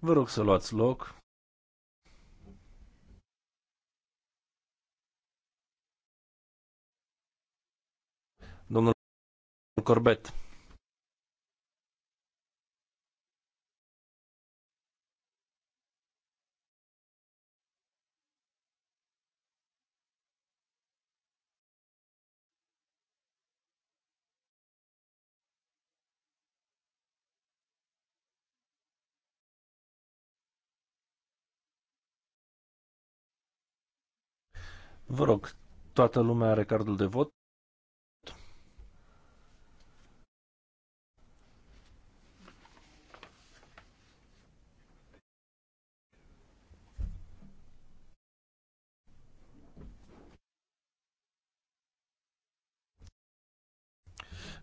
Vă rog să luați loc. Domnul Corbett. Vă rog, toată lumea are cardul de vot.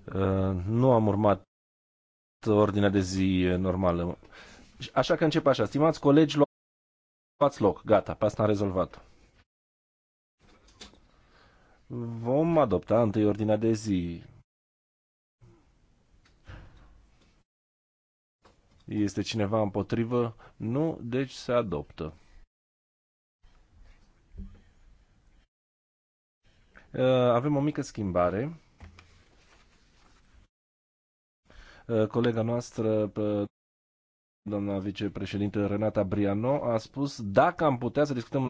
Uh, nu am urmat ordinea de zi normală. Așa că încep așa. Stimați colegi, luați loc. Gata, pe asta am rezolvat. Vom adopta întâi ordinea de zi. Este cineva împotrivă? Nu, deci se adoptă. Uh, avem o mică schimbare. Uh, colega noastră, doamna vicepreședinte Renata Briano, a spus dacă am putea să discutăm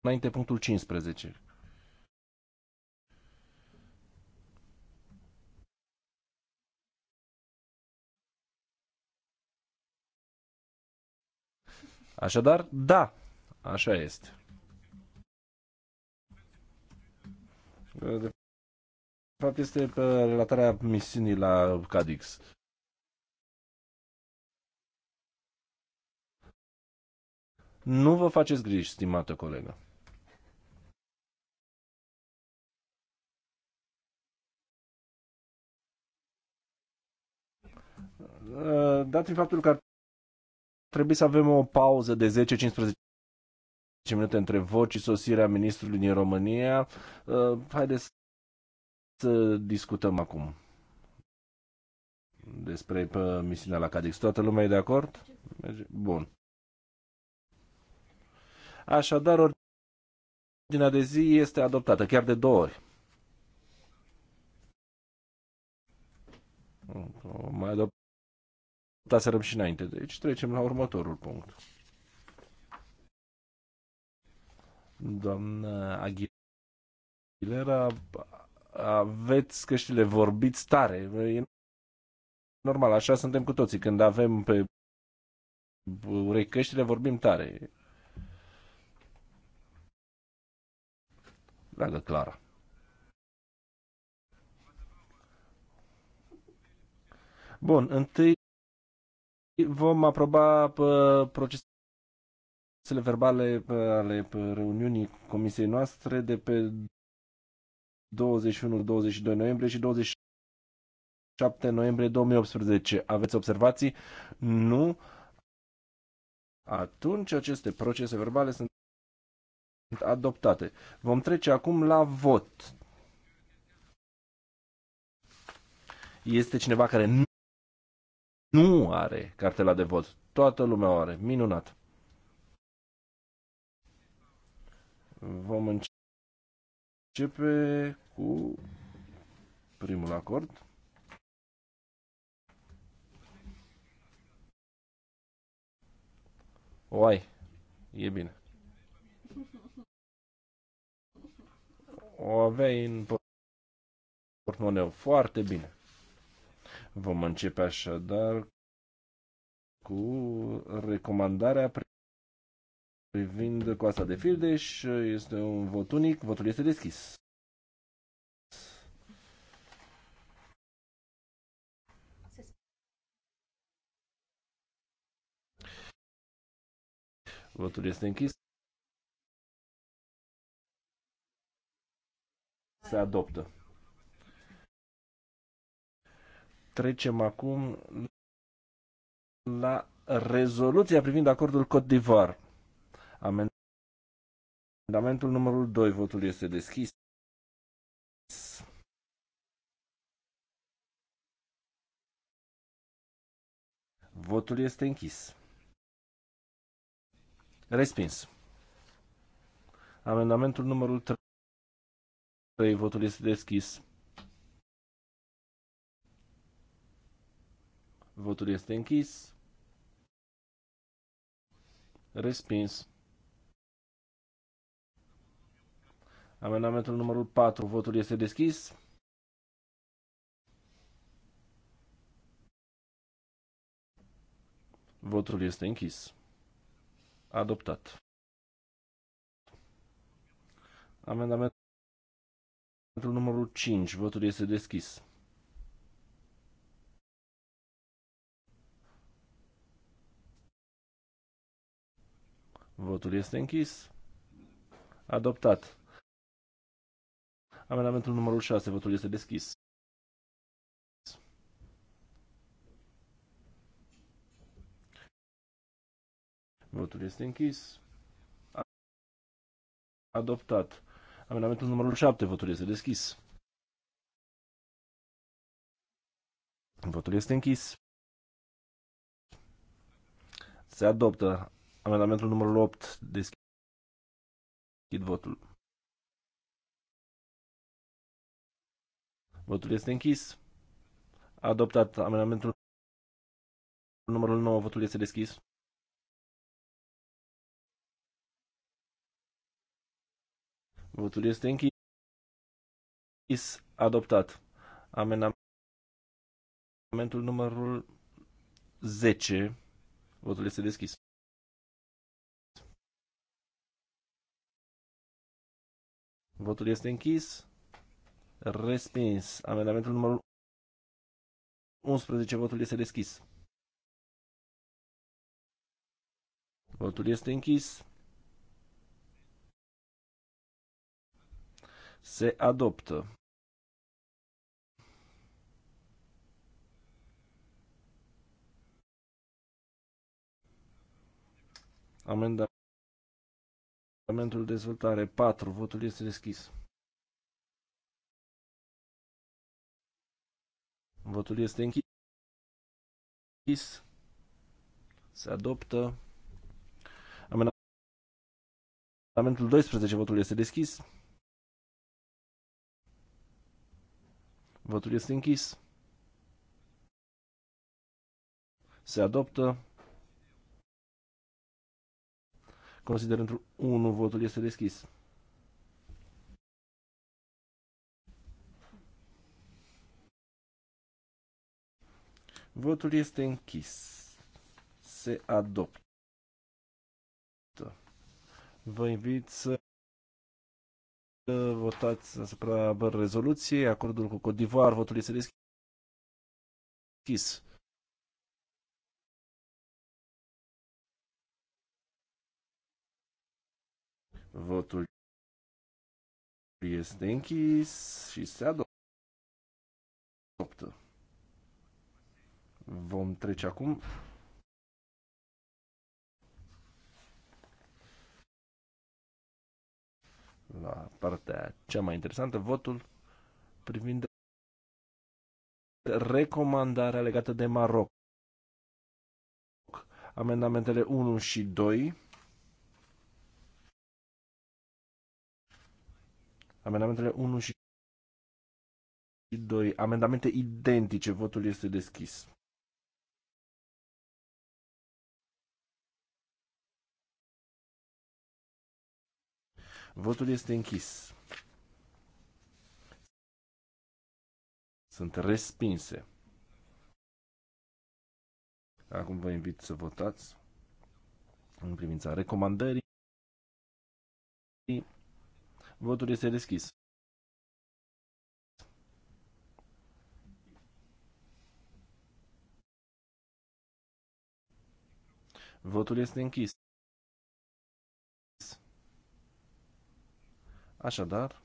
înainte punctul 15. Așadar, da, așa este. De fapt, este pe relatarea misiunii la Cadix. Nu vă faceți griji, stimată colegă. Dat în faptul că ar Trebuie să avem o pauză de 10-15 minute între voci și sosirea ministrului din România. Uh, haideți să discutăm acum despre uh, misiunea la Cadix. Toată lumea e de acord? Bun. Așadar, ordinea de zi este adoptată, chiar de două ori. Mai adopt votaserăm și înainte. Deci trecem la următorul punct. Doamna Aguilera, aveți căștile, vorbiți tare. E normal, așa suntem cu toții. Când avem pe urechi căștile, vorbim tare. Dragă Clara. Bun, întâi vom aproba procesele verbale ale reuniunii comisiei noastre de pe 21-22 noiembrie și 27 noiembrie 2018. Aveți observații? Nu. Atunci aceste procese verbale sunt adoptate. Vom trece acum la vot. Este cineva care nu are cartela de vot. Toată lumea o are. Minunat. Vom începe cu primul acord. Oai, e bine. O aveai în portmoneu. Foarte bine. Vom începe așadar cu recomandarea privind coasta de Fildeș. Este un vot unic, votul este deschis. Votul este închis. Se adoptă. Trecem acum la rezoluția privind acordul Côte d'Ivoire. Amendamentul numărul 2, votul este deschis. Votul este închis. Respins. Amendamentul numărul 3. Votul este deschis. Votul este închis. Respins. Amendamentul numărul 4. Votul este deschis. Votul este închis. Adoptat. Amendamentul numărul 5. Votul este deschis. Votul este închis. Adoptat. Amendamentul numărul 6. Votul este deschis. Votul este închis. Adoptat. Amendamentul numărul 7. Votul este deschis. Votul este închis. Se adoptă Amendamentul numărul 8. Deschid votul. Votul este închis. Adoptat amendamentul numărul 9. Votul este deschis. Votul este închis. Adoptat. Amendamentul numărul 10. Votul este deschis. Votul este închis. Respins. Amendamentul numărul 11. Votul este deschis. Votul este închis. Se adoptă. Amendamentul Parlamentul de dezvoltare 4. Votul este deschis. Votul este închis. Se adoptă. Amendamentul 12. Votul este deschis. Votul este închis. Se adoptă. Considerentul 1, votul este deschis. Votul este închis. Se adoptă. Vă invit să votați asupra rezoluției. Acordul cu Codivar, votul este deschis. Votul este închis și se adoptă. Vom trece acum la partea cea mai interesantă, votul privind recomandarea legată de Maroc. Amendamentele 1 și 2 Amendamentele 1 și 2. Amendamente identice. Votul este deschis. Votul este închis. Sunt respinse. Acum vă invit să votați în privința recomandării. Votul este deschis. Votul este închis. Așadar,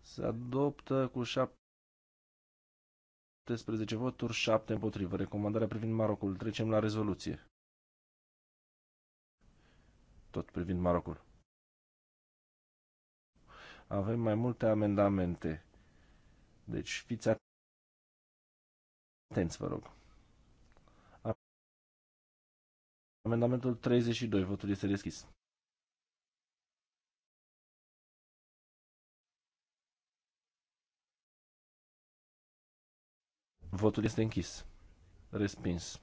se adoptă cu 17 voturi, 7 împotrivă. Recomandarea privind Marocul. Trecem la rezoluție tot privind Marocul. Avem mai multe amendamente. Deci fiți atenți, vă rog. Amendamentul 32. Votul este deschis. Votul este închis. Respins.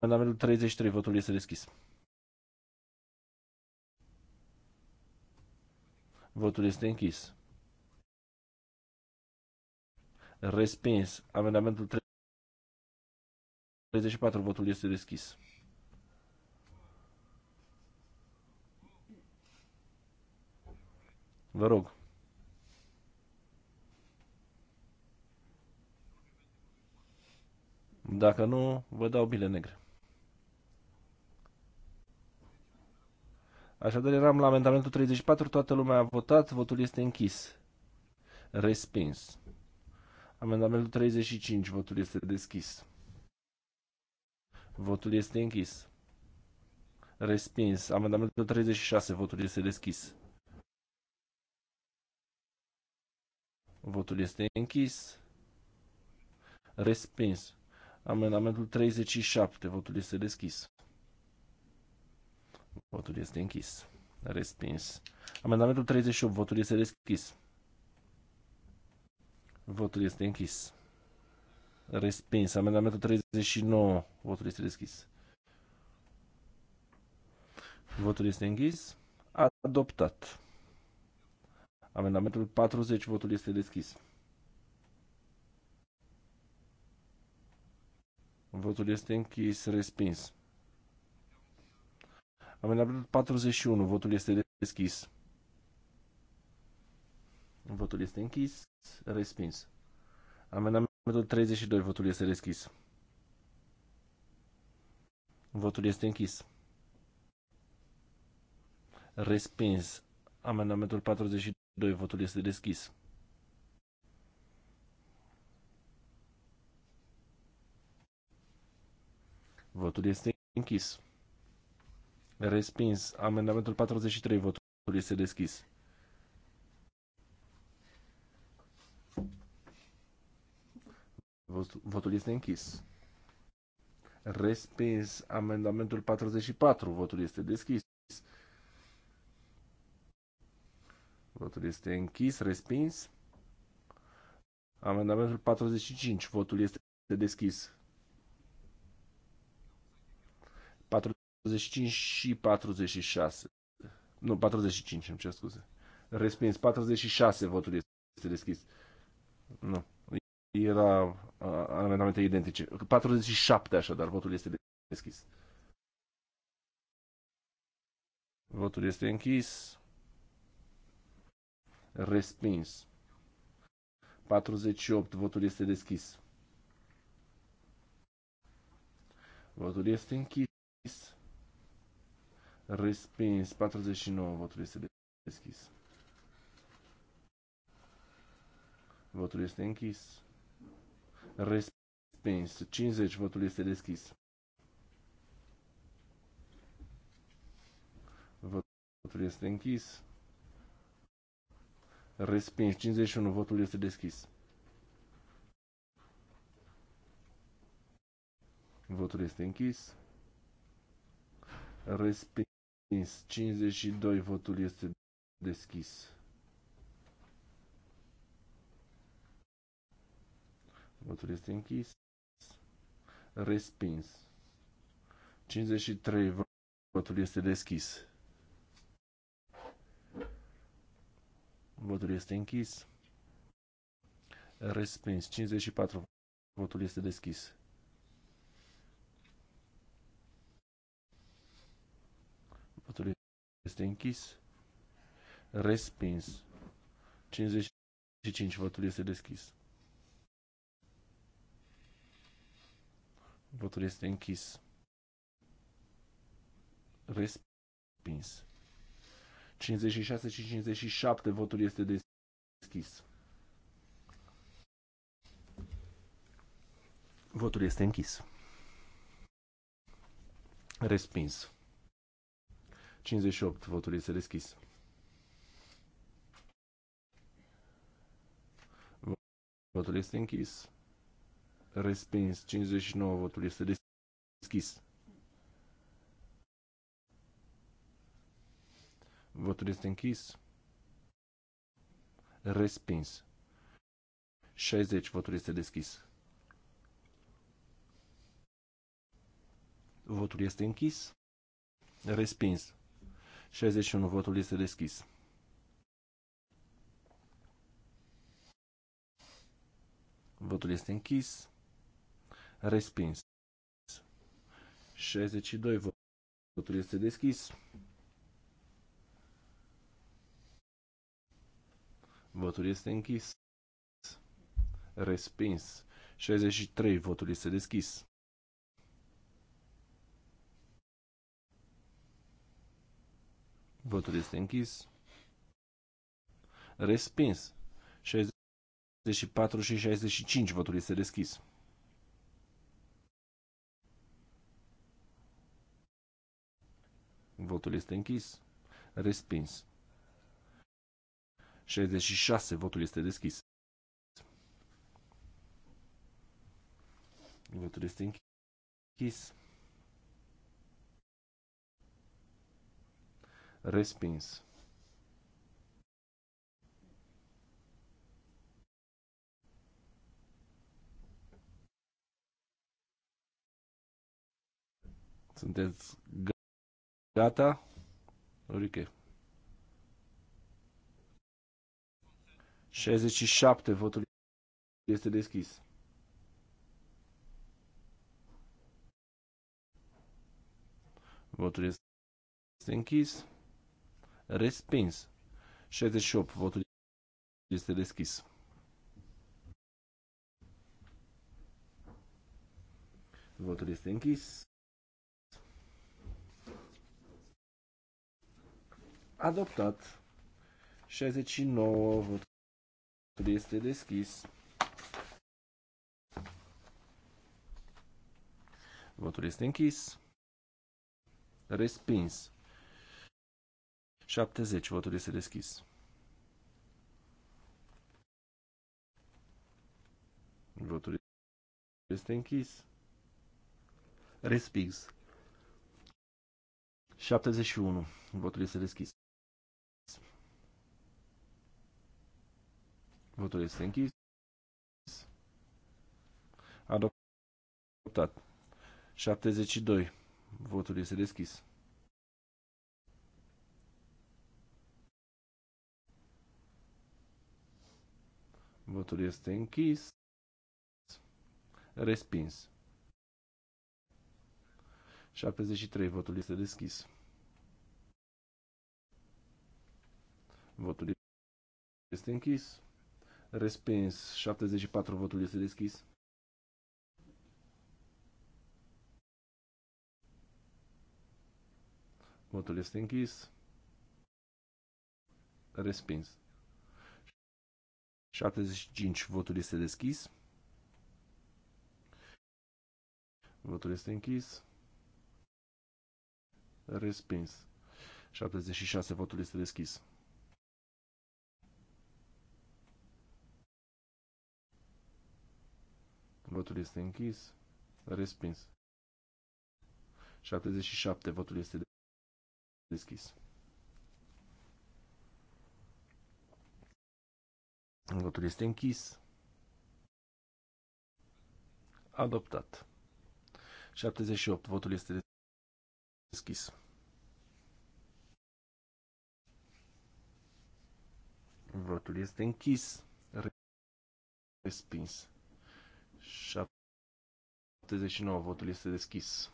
Amendamentul 33, votul este deschis. Votul este închis. Respins. Amendamentul 34, votul este deschis. Vă rog. Dacă nu, vă dau bile negre. Așadar eram la amendamentul 34, toată lumea a votat, votul este închis. Respins. Amendamentul 35, votul este deschis. Votul este închis. Respins. Amendamentul 36, votul este deschis. Votul este închis. Respins. Amendamentul 37, votul este deschis. Votul este închis. Respins. Amendamentul 38. Votul este deschis. Votul este închis. Respins. Amendamentul 39. Votul este deschis. Votul este închis. Adoptat. Amendamentul 40. Votul este deschis. Votul este închis. Respins. Amendamentul 41. Votul este deschis. Votul este închis. Respins. Amendamentul 32. Votul este deschis. Votul este închis. Respins. Amendamentul 42. Votul este deschis. Votul este închis. Respins. Amendamentul 43. Votul este deschis. Votul este închis. Respins. Amendamentul 44. Votul este deschis. Votul este închis. Respins. Amendamentul 45. Votul este deschis. 45 și 46. Nu, 45, îmi cer scuze. Respins. 46 votul este deschis. Nu. Era amendamente identice. 47 așadar, votul este deschis. Votul este închis. Respins. 48. Votul este deschis. Votul este închis. Respins. 49. Votul este deschis. Votul este închis. Respins. 50. Votul este deschis. Votul este închis. Respins. 51. Votul este deschis. Votul este închis. Respins. Respins. 52. Votul este deschis. Votul este închis. Respins. 53. Votul este deschis. Votul este închis. Respins. 54. Votul este deschis. Este închis. Respins. 55. Votul este deschis. Votul este închis. Respins. 56 și 57. Votul este deschis. Votul este închis. Respins. 58. Votul este deschis. Votul este închis. Respins. 59. Votul este deschis. Votul este închis. Respins. 60. Votul este deschis. Votul este închis. Respins. 61. Votul este deschis. Votul este închis. Respins. 62. Votul este deschis. Votul este închis. Respins. 63. Votul este deschis. Votul este închis. Respins. 64 și 65. Votul este deschis. Votul este închis. Respins. 66. Votul este deschis. Votul este închis. Respins. Sunteți gata? Ulrike. 67, votul este deschis. Votul este închis. Respins. 68. Votul este deschis. Votul este închis. Adoptat. 69. Votul este deschis. Votul este închis. Respins. 70. Votul este deschis. Votul este închis. Respix. 71. Votul este deschis. Votul este închis. Adoptat. 72. Votul este deschis. Votul este închis. Respins. 73. Votul este deschis. Votul este închis. Respins. 74. Votul este deschis. Votul este închis. Respins. 75. Votul este deschis. Votul este închis. Respins. 76. Votul este deschis. Votul este închis. Respins. 77. Votul este deschis. Votul este închis. Adoptat. 78. Votul este deschis. Votul este închis. Respins. 79. Votul este deschis.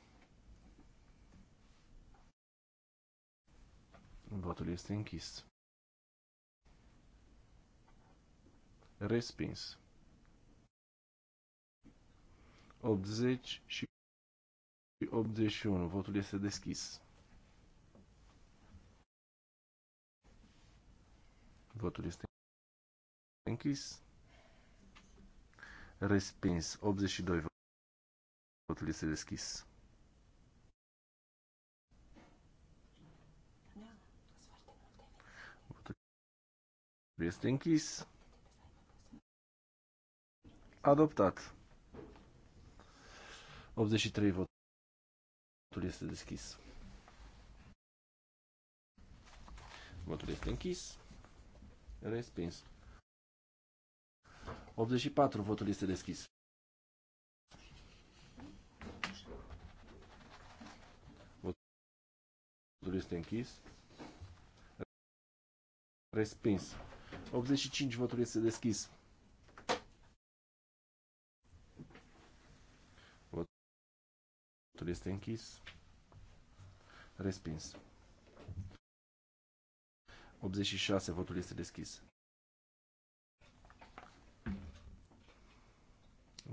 Votul este închis. Respins. 80 și 81. Votul este deschis. Votul este închis. Respins. 82. Votul este deschis. Votul este închis. Adoptat. 83 votul este deschis. Votul este închis. Respins. 84 votul este deschis. Votul este închis. Respins. 85 votul este deschis. Votul este închis. Respins. 86. Votul este deschis.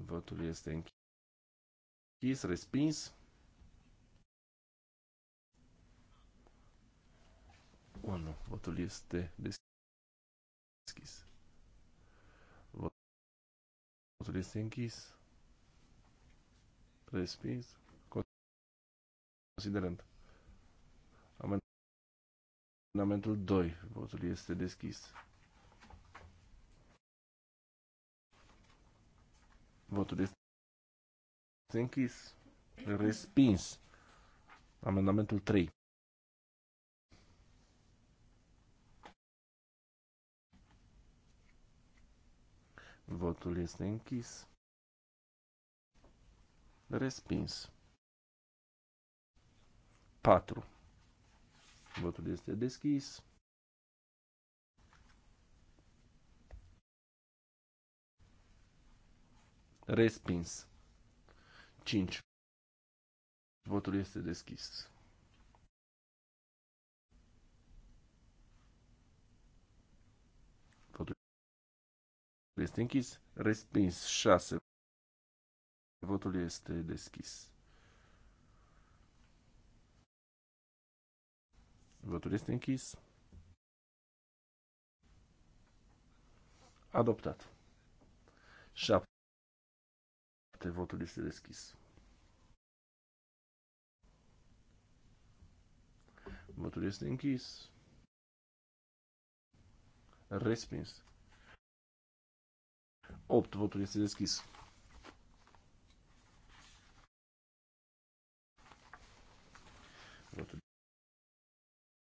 Votul este închis. Respins. 1. Votul este deschis. Votul este închis. Respins. Considerând. Amendamentul 2. Votul este deschis. Votul este închis. Respins. Amendamentul 3. Votul este închis. Respins. 4. Votul este deschis. Respins. 5. Votul este deschis. Votul este închis. Respins. 6. Votul este deschis. Votul este închis. Adoptat. 7. Votul este deschis. Votul este închis. Respins. 8. Votul este deschis.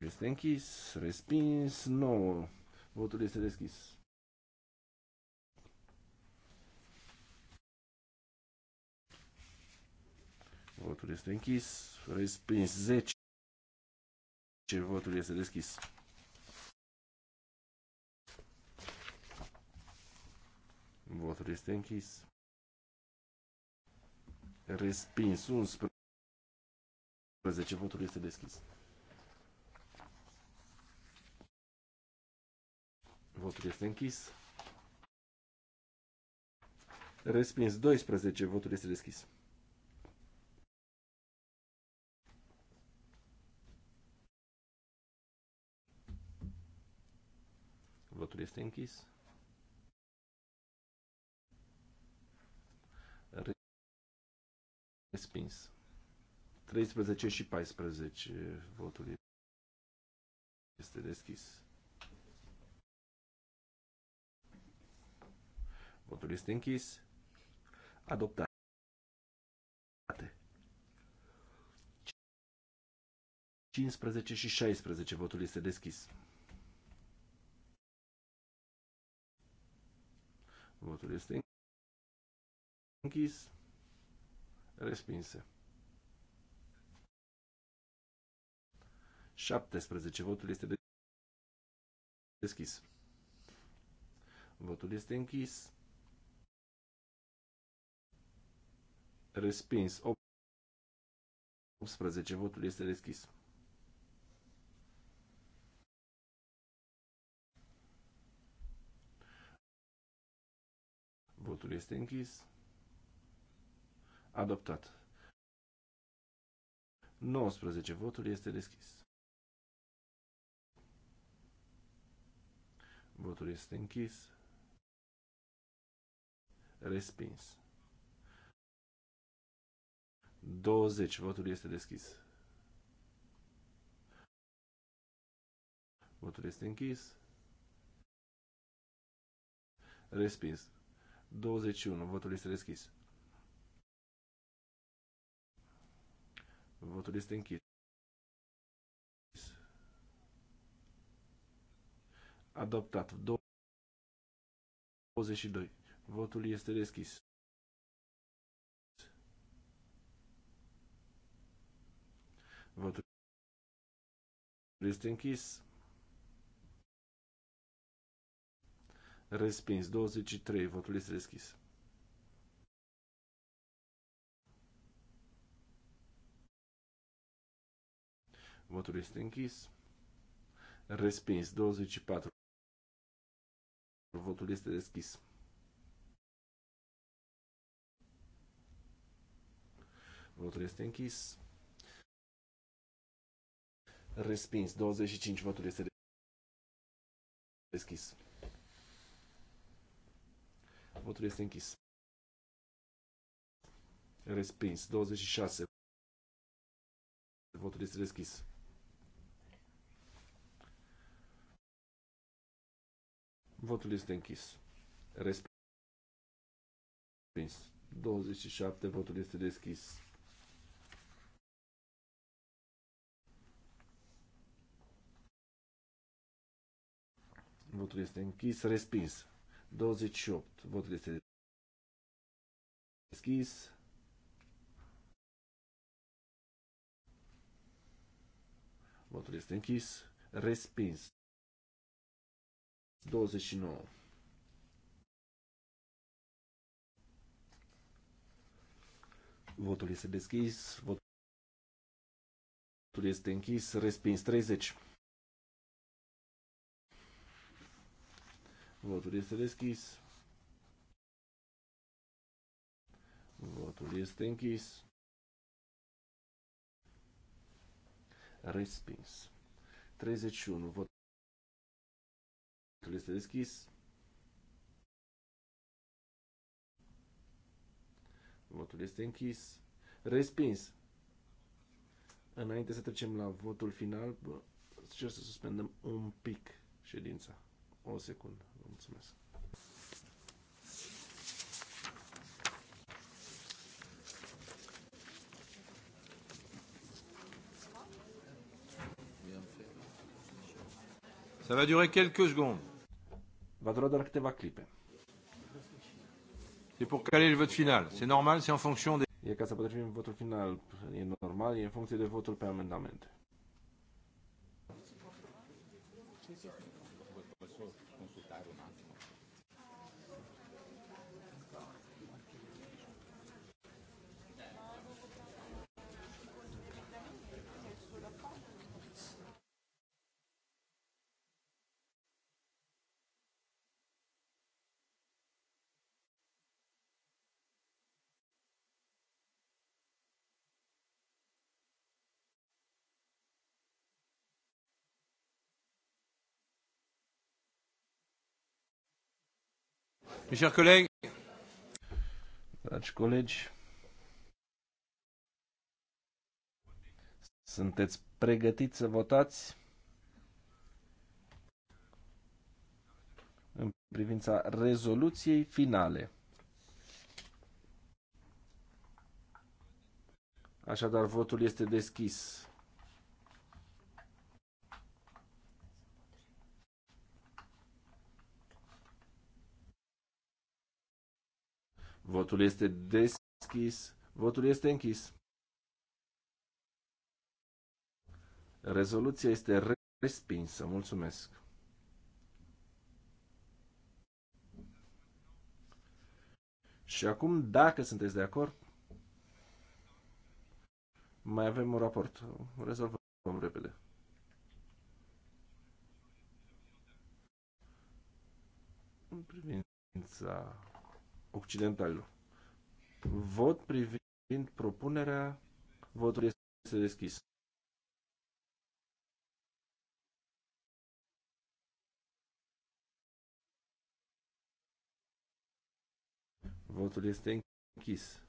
Este închis, respins, 9. Votul este deschis. Votul este închis, respins 10. Votul este deschis. Votul este închis. Respins 11. Votul este deschis. Votul este închis. Respins 12. Votul este deschis. Votul este închis. Respins. 13 și 14. Votul este deschis. Votul este închis. Adoptat. 15 și 16. Votul este deschis. Votul este închis. Respinse. 17. Votul este deschis. Votul este închis. Respins. 18. Votul este deschis. Votul este închis. Adoptat. 19. Votul este deschis. Votul este închis. Respins. 20. Votul este deschis. Votul este închis. Respins. 21. Votul este deschis. Votul este închis. Adoptat. 22. Votul este deschis. Votul este închis. Respins. 23. Votul este deschis. Votul este închis. Respins. 24. Votul este deschis. Votul este închis. Respins. 25. Votul este deschis. Votul este închis. Respins. 26. Votul este deschis. Votul este închis. Respins. 27. Votul este deschis. Votul este închis. Respins. 28. Votul este deschis. Votul este închis. Respins. 29. Votul este deschis. Votul este închis. Respins. 30. Votul este deschis. Votul este închis. Respins. 31. Votul este deschis. Votul este închis. Respins. Înainte să trecem la votul final, cer să suspendăm un pic ședința. O secundă. Mulțumesc. Ça va durer quelques secondes. Va durer doar câteva clipe. C'est pour caler le vote final. C'est normal, c'est en fonction des... E ca să potrivim votul final. E normal, e în funcție de votul pe amendamente. Mes chers collègues. Dragi colegi, sunteți pregătiți să votați în privința rezoluției finale. Așadar, votul este deschis. Votul este deschis. Votul este închis. Rezoluția este respinsă. Mulțumesc. Și acum, dacă sunteți de acord, mai avem un raport. Rezolvăm repede. În privința occidentalilor. Vot privind propunerea, votul este deschis. Votul este închis.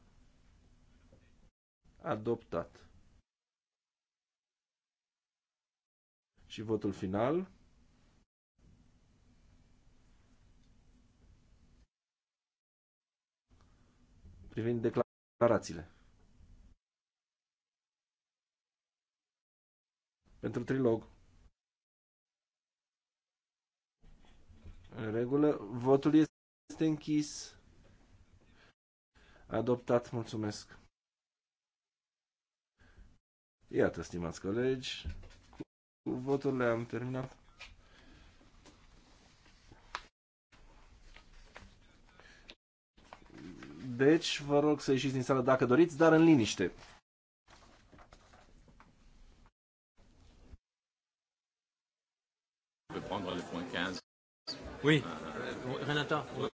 Adoptat. Și votul final. privind declarațiile. Pentru trilog. În regulă, votul este închis. Adoptat, mulțumesc. Iată, stimați colegi, cu voturile am terminat. Deci, vă rog să ieșiți din sală dacă doriți, dar în liniște. Oui. Renata. Oui.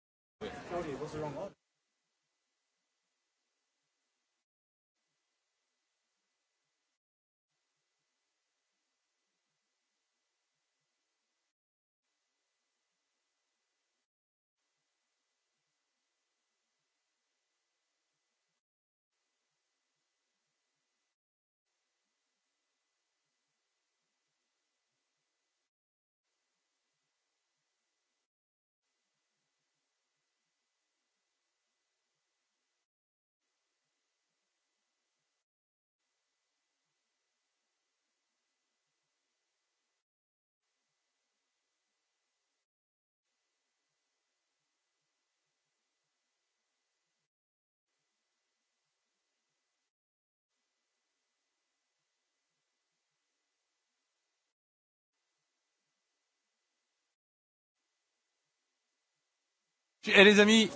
Et eh, les amis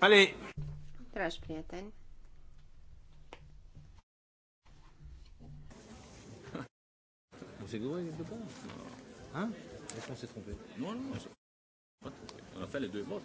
Allez Dragi prieteni On s'est gouré quelque part Hein Est-ce qu'on s'est trompé Non, non, on s'est trompé. On a fait les deux votes.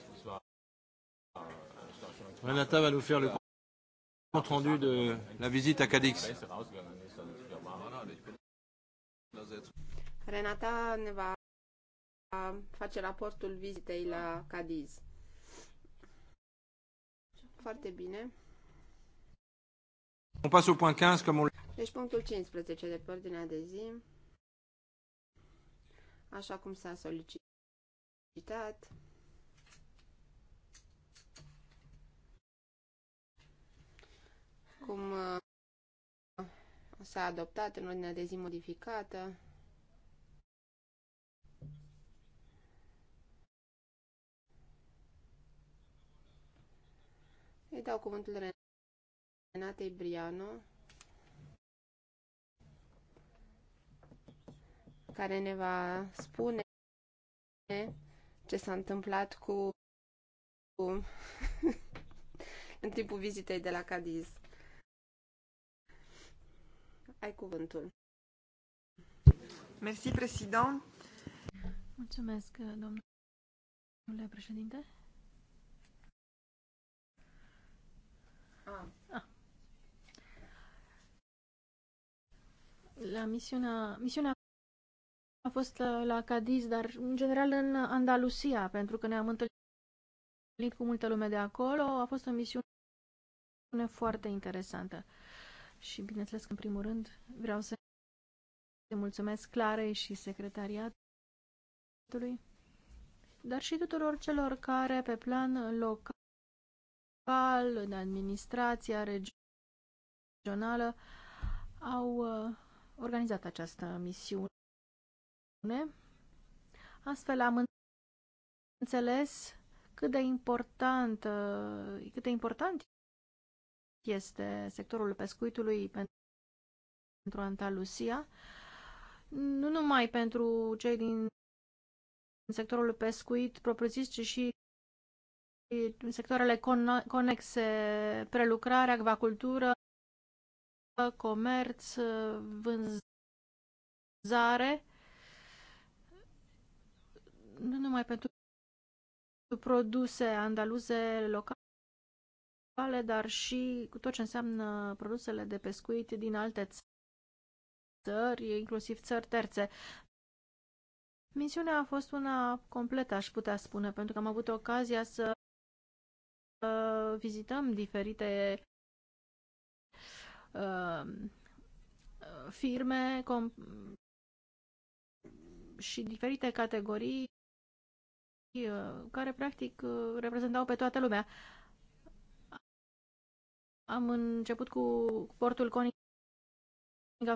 Renata va nous faire le compte rendu de la visite à Cadix. Renata ne va face raportul vizitei la Cadiz. Foarte bine. On passe au point 15, comme on... Deci punctul 15 de pe ordinea de zi, așa cum s-a solicitat. cum uh, s-a adoptat în ordinea de zi modificată. Îi dau cuvântul Renatei Briano, care ne va spune ce s-a întâmplat cu în timpul vizitei de la Cadiz ai cuvântul. Mersi, president. Mulțumesc, domnule președinte. Ah. Ah. La misiunea, misiunea a fost uh, la Cadiz, dar în general în Andalusia, pentru că ne-am întâlnit cu multă lume de acolo. A fost o misiune foarte interesantă și, bineînțeles, în primul rând, vreau să mulțumesc Clarei și secretariatului, dar și tuturor celor care, pe plan local, în administrația regională, au uh, organizat această misiune. Astfel am înțeles cât de important, uh, cât de important este sectorul pescuitului pentru Andalusia, nu numai pentru cei din sectorul pescuit propriu-zis, ci și în sectoarele conexe, prelucrare, acvacultură, comerț, vânzare, nu numai pentru produse andaluze locale, locale, dar și cu tot ce înseamnă produsele de pescuit din alte țări, inclusiv țări terțe. Misiunea a fost una completă, aș putea spune, pentru că am avut ocazia să uh, vizităm diferite uh, firme și diferite categorii uh, care practic reprezentau pe toată lumea. Am început cu portul Conica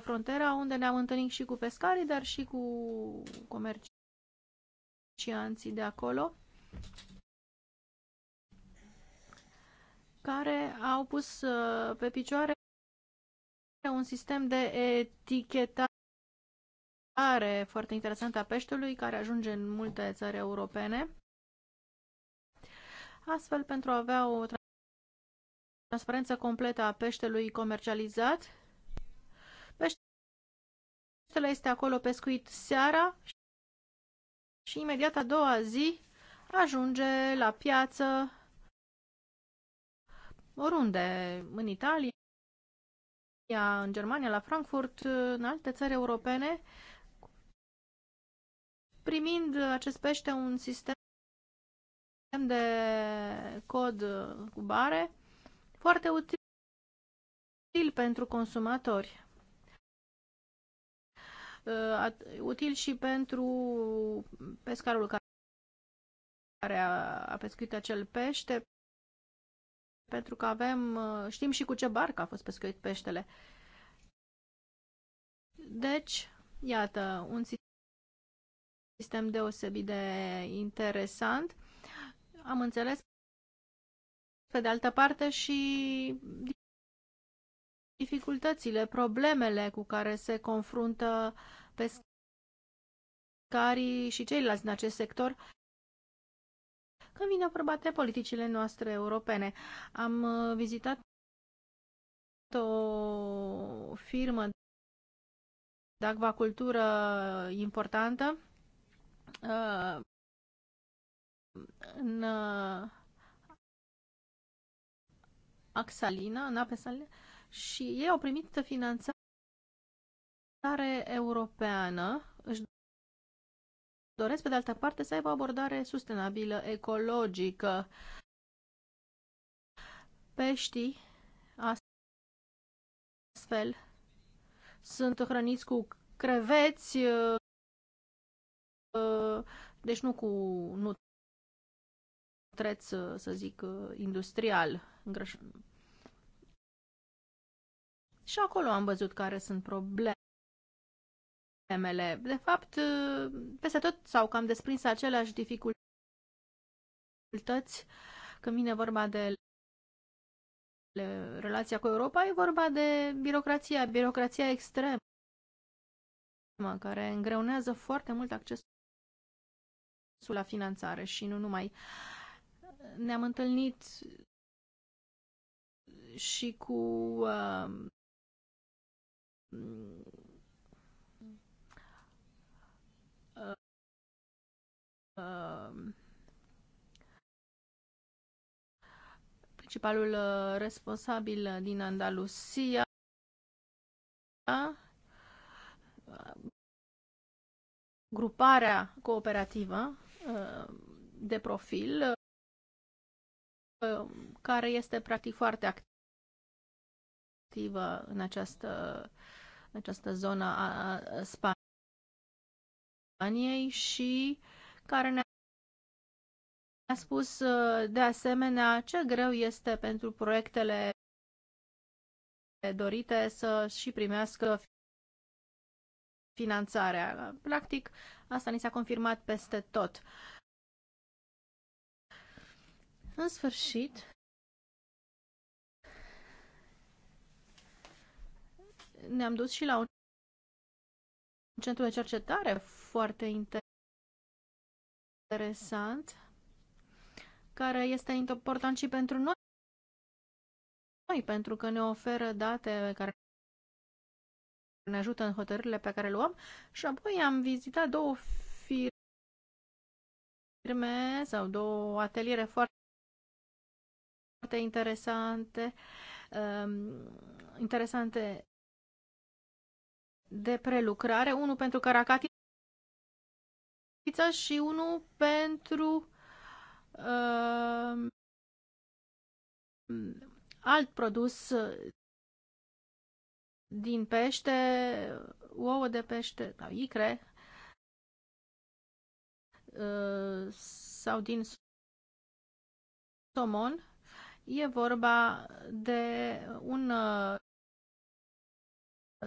Frontera, unde ne-am întâlnit și cu pescarii, dar și cu comercianții de acolo, care au pus uh, pe picioare un sistem de etichetare foarte interesant a peștelui, care ajunge în multe țări europene astfel pentru a avea o transparență completă a peștelui comercializat. Peștele este acolo pescuit seara și imediat a doua zi ajunge la piață oriunde, în Italia, în Germania, la Frankfurt, în alte țări europene, primind acest pește un sistem de cod cu bare, foarte util pentru consumatori uh, util și pentru pescarul care a pescuit acel pește, pentru că avem, uh, știm și cu ce barcă a fost pescuit peștele. Deci, iată, un sistem deosebit de interesant. Am înțeles pe de altă parte și dificultățile, problemele cu care se confruntă pescarii și ceilalți din acest sector când vine vorba de politicile noastre europene. Am uh, vizitat o firmă de acvacultură importantă uh, în uh, Axalina, în ape sale, și ei au primit finanțare europeană, își doresc, pe de altă parte, să aibă o abordare sustenabilă, ecologică. Peștii, astfel, sunt hrăniți cu creveți, deci nu cu nutreț, să zic, industrial îngrăș... Și acolo am văzut care sunt problemele. De fapt, peste tot s-au cam desprins aceleași dificultăți când vine vorba de relația cu Europa, e vorba de birocrația, birocrația extremă, care îngreunează foarte mult accesul la finanțare și nu numai. Ne-am întâlnit și cu um, um, uh, principalul responsabil din Andalusia gruparea cooperativă uh, de profil uh, care este practic foarte activă activă în această, în această zonă a Spaniei și care ne a spus uh, de asemenea ce greu este pentru proiectele dorite să și primească finanțarea. Practic, asta ni s-a confirmat peste tot. În sfârșit, ne-am dus și la un centru de cercetare foarte interesant, care este important și pentru noi, noi pentru că ne oferă date care ne ajută în hotărârile pe care le luăm și apoi am vizitat două firme sau două ateliere foarte, foarte interesante, um, interesante de prelucrare, unul pentru caracatiță și unul pentru uh, alt produs din pește, ouă de pește sau da, icre uh, sau din somon. E vorba de un uh,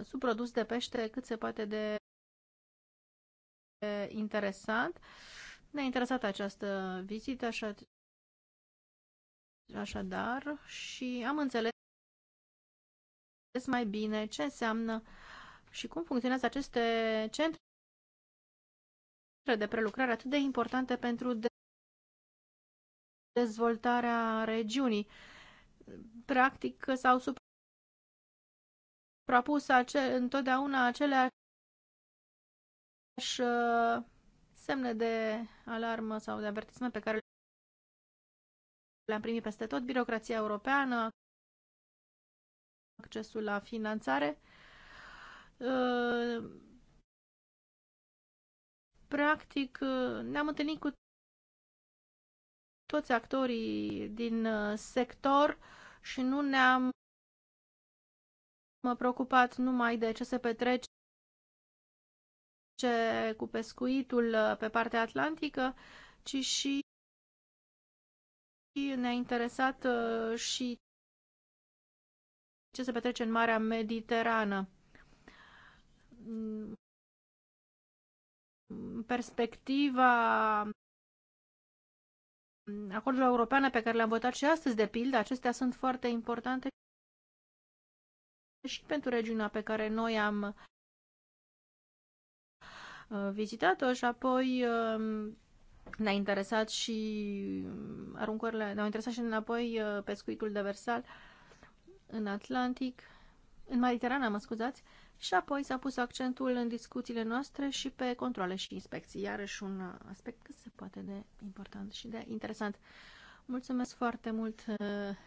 subprodus de pește cât se poate de interesant. Ne-a interesat această vizită, așa, așadar, și am înțeles mai bine ce înseamnă și cum funcționează aceste centre de prelucrare atât de importante pentru dezvoltarea regiunii. Practic, s-au supra propus ace- întotdeauna aceleași uh, semne de alarmă sau de avertisment pe care le-am primit peste tot, birocrația europeană, accesul la finanțare. Uh, practic, uh, ne-am întâlnit cu toți actorii din sector și nu ne-am mă preocupat numai de ce se petrece cu pescuitul uh, pe partea atlantică, ci și ne-a interesat uh, și ce se petrece în Marea Mediterană. Mm, perspectiva acordurilor europeană pe care le-am votat și astăzi, de pildă, acestea sunt foarte importante și pentru regiunea pe care noi am uh, vizitat-o și apoi um, ne-a interesat și um, aruncările, ne-au interesat și înapoi uh, pescuitul de versal în Atlantic, în Mediterana, mă scuzați, și apoi s-a pus accentul în discuțiile noastre și pe controle și inspecții. Iarăși un aspect cât se poate de important și de interesant. Mulțumesc foarte mult uh,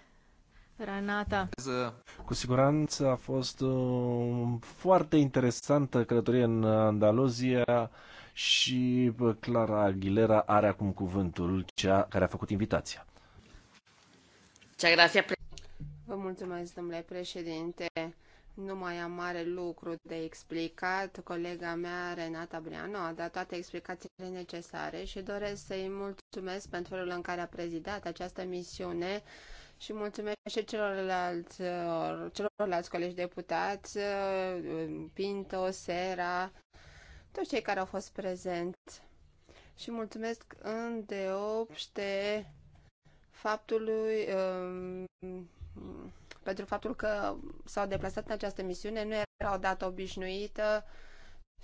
Renata. Cu siguranță a fost o uh, foarte interesantă călătorie în Andaluzia și Clara Aguilera are acum cuvântul, cea care a făcut invitația. Vă mulțumesc, domnule președinte. Nu mai am mare lucru de explicat. Colega mea, Renata Briano, a dat toate explicațiile necesare și doresc să-i mulțumesc pentru felul în care a prezidat această misiune și mulțumesc și celorlalți, celorlalți colegi deputați, uh, Pinto, Sera, toți cei care au fost prezenți. Și mulțumesc în deopște faptului, um, pentru faptul că s-au deplasat în această misiune, nu era o dată obișnuită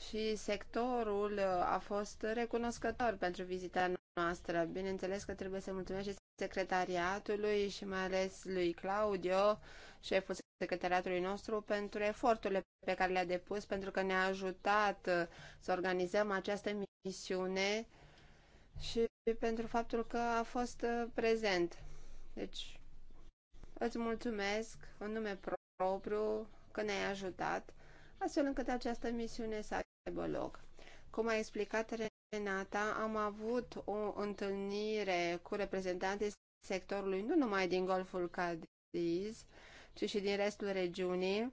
și sectorul a fost recunoscător pentru vizita noastră. Bineînțeles că trebuie să mulțumesc și secretariatului și mai ales lui Claudio, șeful secretariatului nostru, pentru eforturile pe care le-a depus, pentru că ne-a ajutat uh, să organizăm această misiune și pentru faptul că a fost uh, prezent. Deci, îți mulțumesc în nume propriu că ne-ai ajutat, astfel încât această misiune să aibă loc. Cum a explicat Renata, am avut o întâlnire cu reprezentanții sectorului nu numai din Golful Cadiz, ci și din restul regiunii.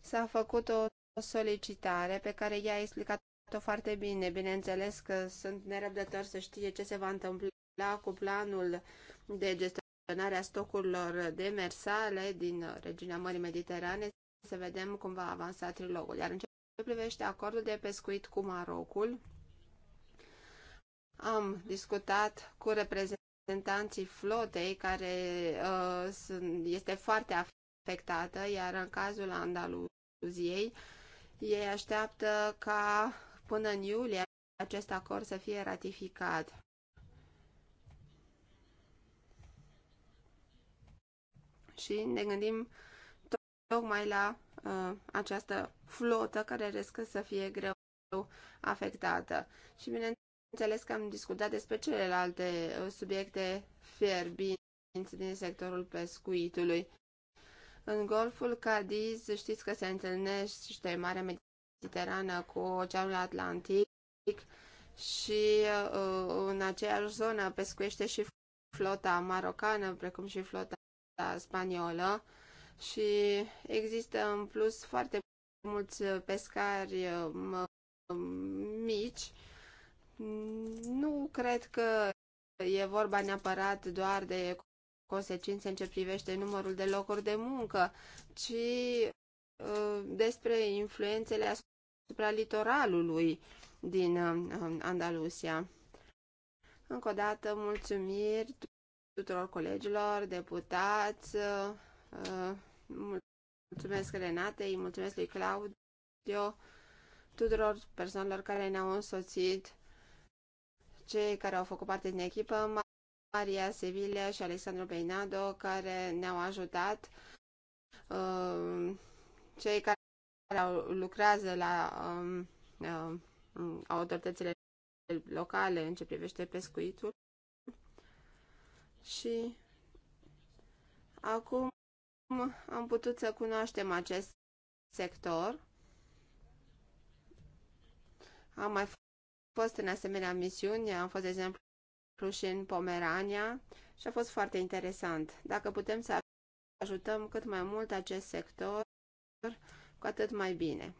S-a făcut o solicitare pe care ea a explicat-o foarte bine. Bineînțeles că sunt nerăbdător să știe ce se va întâmpla cu planul de gestionare a stocurilor demersale din regiunea Mării Mediterane, să vedem cum va avansa trilogul. Iar în ce privește acordul de pescuit cu Marocul, am discutat cu reprezentanții flotei care uh, sunt, este foarte afectată, iar în cazul Andaluziei, ei așteaptă ca până în iulie acest acord să fie ratificat. Și ne gândim tocmai la uh, această flotă care riscă să fie greu afectată. Și bineînțeles, Înțeles că am discutat despre celelalte uh, subiecte fierbinți din sectorul pescuitului. În golful Cadiz știți că se întâlnește Marea Mediterană cu Oceanul Atlantic și uh, în aceeași zonă pescuiește și flota marocană, precum și flota spaniolă și există în plus foarte mulți uh, pescari mici nu cred că e vorba neapărat doar de consecințe în ce privește numărul de locuri de muncă, ci uh, despre influențele asupra litoralului din uh, Andalusia. Încă o dată, mulțumiri tuturor colegilor, deputați, uh, mulțumesc Renatei, mulțumesc lui Claudio, tuturor persoanelor care ne-au însoțit cei care au făcut parte din echipă, Maria Sevilla și Alexandru Beinado, care ne-au ajutat, um, cei care au, lucrează la um, um, autoritățile locale în ce privește pescuitul. Și acum am putut să cunoaștem acest sector. Am mai fost în asemenea misiuni, am fost, de exemplu, și în Pomerania și a fost foarte interesant. Dacă putem să ajutăm cât mai mult acest sector, cu atât mai bine.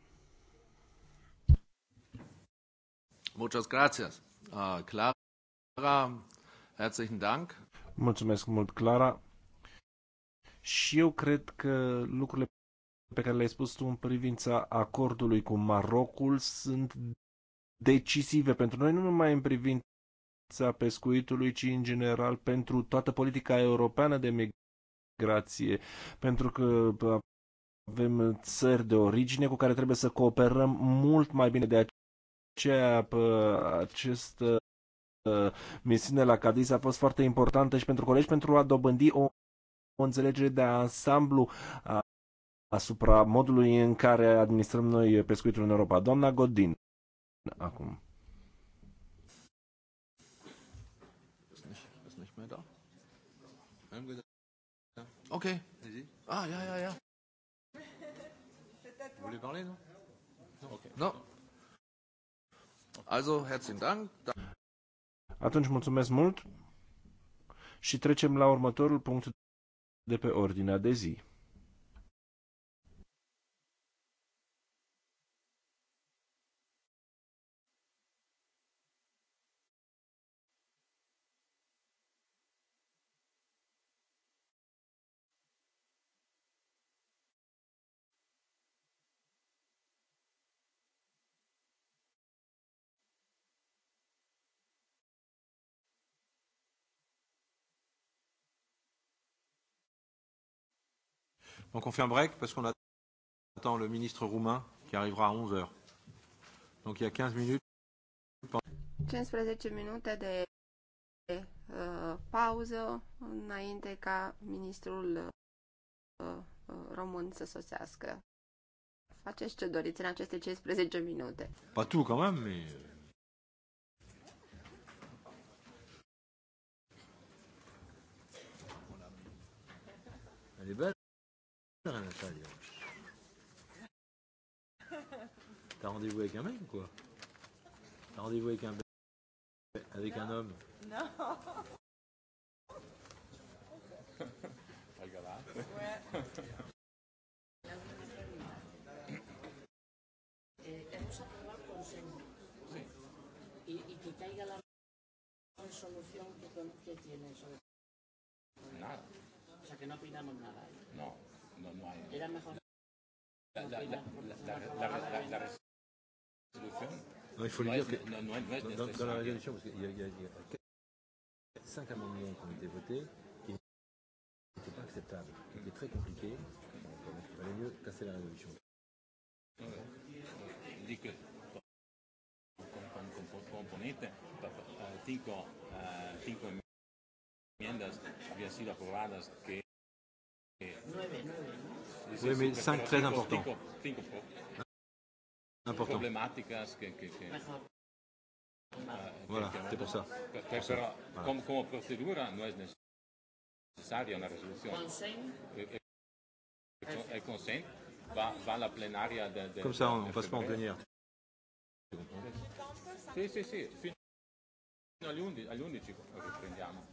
Muchas gracias. Uh, Clara, herzlichen Dank. Mulțumesc mult, Clara. Și eu cred că lucrurile pe care le-ai spus tu în privința acordului cu Marocul sunt decisive pentru noi, nu numai în privința pescuitului, ci în general pentru toată politica europeană de migrație, pentru că avem țări de origine cu care trebuie să cooperăm mult mai bine de aceea acest misiune la Cadiz a fost foarte importantă și pentru colegi pentru a dobândi o, o înțelegere de ansamblu a, asupra modului în care administrăm noi pescuitul în Europa. Doamna Godin. Da, acum. Da? Da? Ok. Ah, ia, ia, ia. Vous voulez parler, No. Also, herzlichen Dank. Atunci mulțumesc mult și trecem la următorul punct de pe ordinea de zi. Donc on fait un break parce qu'on attend le ministre roumain qui arrivera à 11h. Donc il y a 15 minutes. 15 minute de uh, pauză înainte ca ministrul uh, uh, român să sosească. Faceți ce doriți în aceste 15 minute. Pas tout quand même, mais... Euh, Elle est belle faire à T'as rendez-vous avec un mec ou quoi T'as rendez-vous avec un avec non. un homme Non Regarde Ouais. Hemos acabado con Señor. Y, que caiga la resolución que, que tiene sobre. Nada. O sea, que no opinamos nada. Eh? Era mejor. La, la, la, la, la, résolution. Non, il faut lui dire que dans, dans la résolution, parce qu'il y y y a cinq amendements qui ont été votés qui n'étaient pas acceptables, qui étaient très compliqués. Donc, il valait mieux casser la résolution. Dico, componente, cinco, ah, cinco enmiendas habían sido aprobadas que... Nueve, nueve, Oui, mais 5 très importants. Important. Voilà, c'est pour ça. Comme procédure, voilà. com, come procedura non è necessaria una risoluzione. E, e consent va, va la plenaria del... De, Comme ça, on ne passe pas en plénière. Sì, sì, sì, fino all'11 riprendiamo.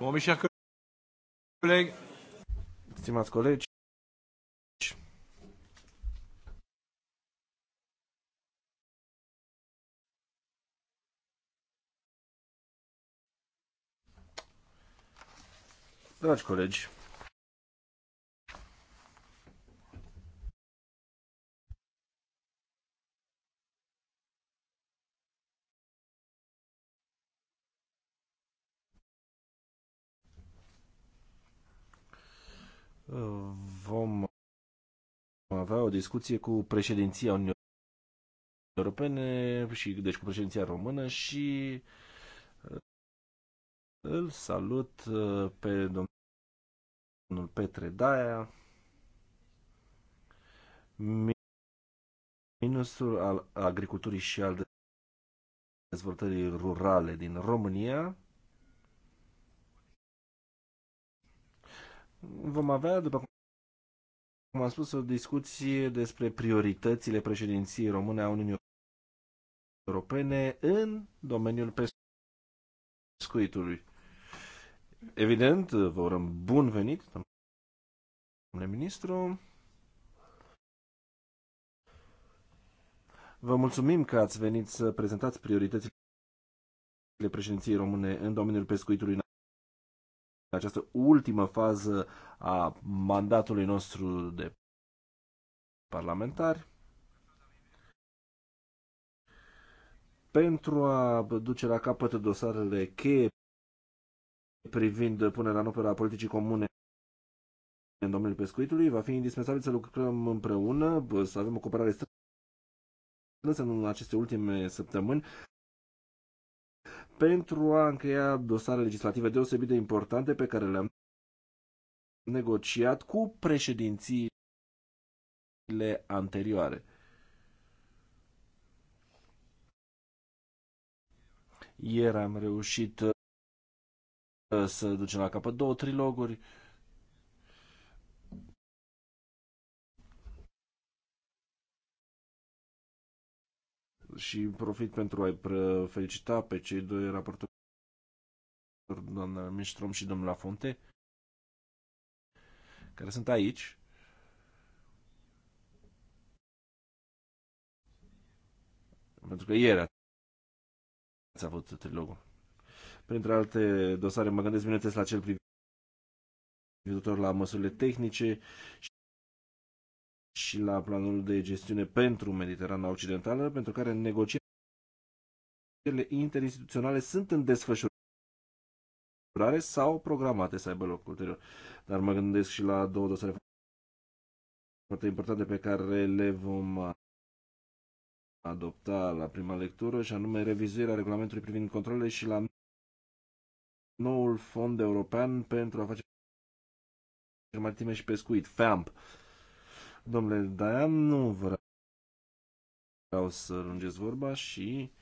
Bon, mes chers collègues. Stimați colegi. Dragi colegi, vom avea o discuție cu președinția Uniunii Europene și deci cu președinția română și uh, îl salut uh, pe domnul Petre Daia, ministrul al agriculturii și al dezvoltării rurale din România, Vom avea, după cum am spus, o discuție despre prioritățile președinției române a Uniunii Europene în domeniul pescuitului. Evident, vă urăm bun venit, domnule ministru. Vă mulțumim că ați venit să prezentați prioritățile președinției române în domeniul pescuitului această ultimă fază a mandatului nostru de parlamentari pentru a duce la capăt dosarele cheie privind punerea în opera politicii comune în domeniul pescuitului, va fi indispensabil să lucrăm împreună, să avem o cooperare strânsă în aceste ultime săptămâni, pentru a încheia dosare legislative deosebit de importante pe care le-am negociat cu președințiile anterioare. Ieri am reușit uh, să ducem la capăt două triloguri, și profit pentru a-i felicita pe cei doi raportori, doamna Mistrom și domnul Lafonte, care sunt aici. Pentru că ieri ați avut trilogul. Printre alte dosare, mă gândesc, bineînțeles, la cel privitor la măsurile tehnice și la planul de gestiune pentru Mediterana Occidentală, pentru care negocierile interinstituționale sunt în desfășurare sau programate să aibă loc ulterior. Dar mă gândesc și la două dosare foarte importante pe care le vom adopta la prima lectură, și anume revizuirea regulamentului privind controlele și la noul fond european pentru afaceri maritime și pescuit, FAMP Domnule de nu vreau să lungeți vorba și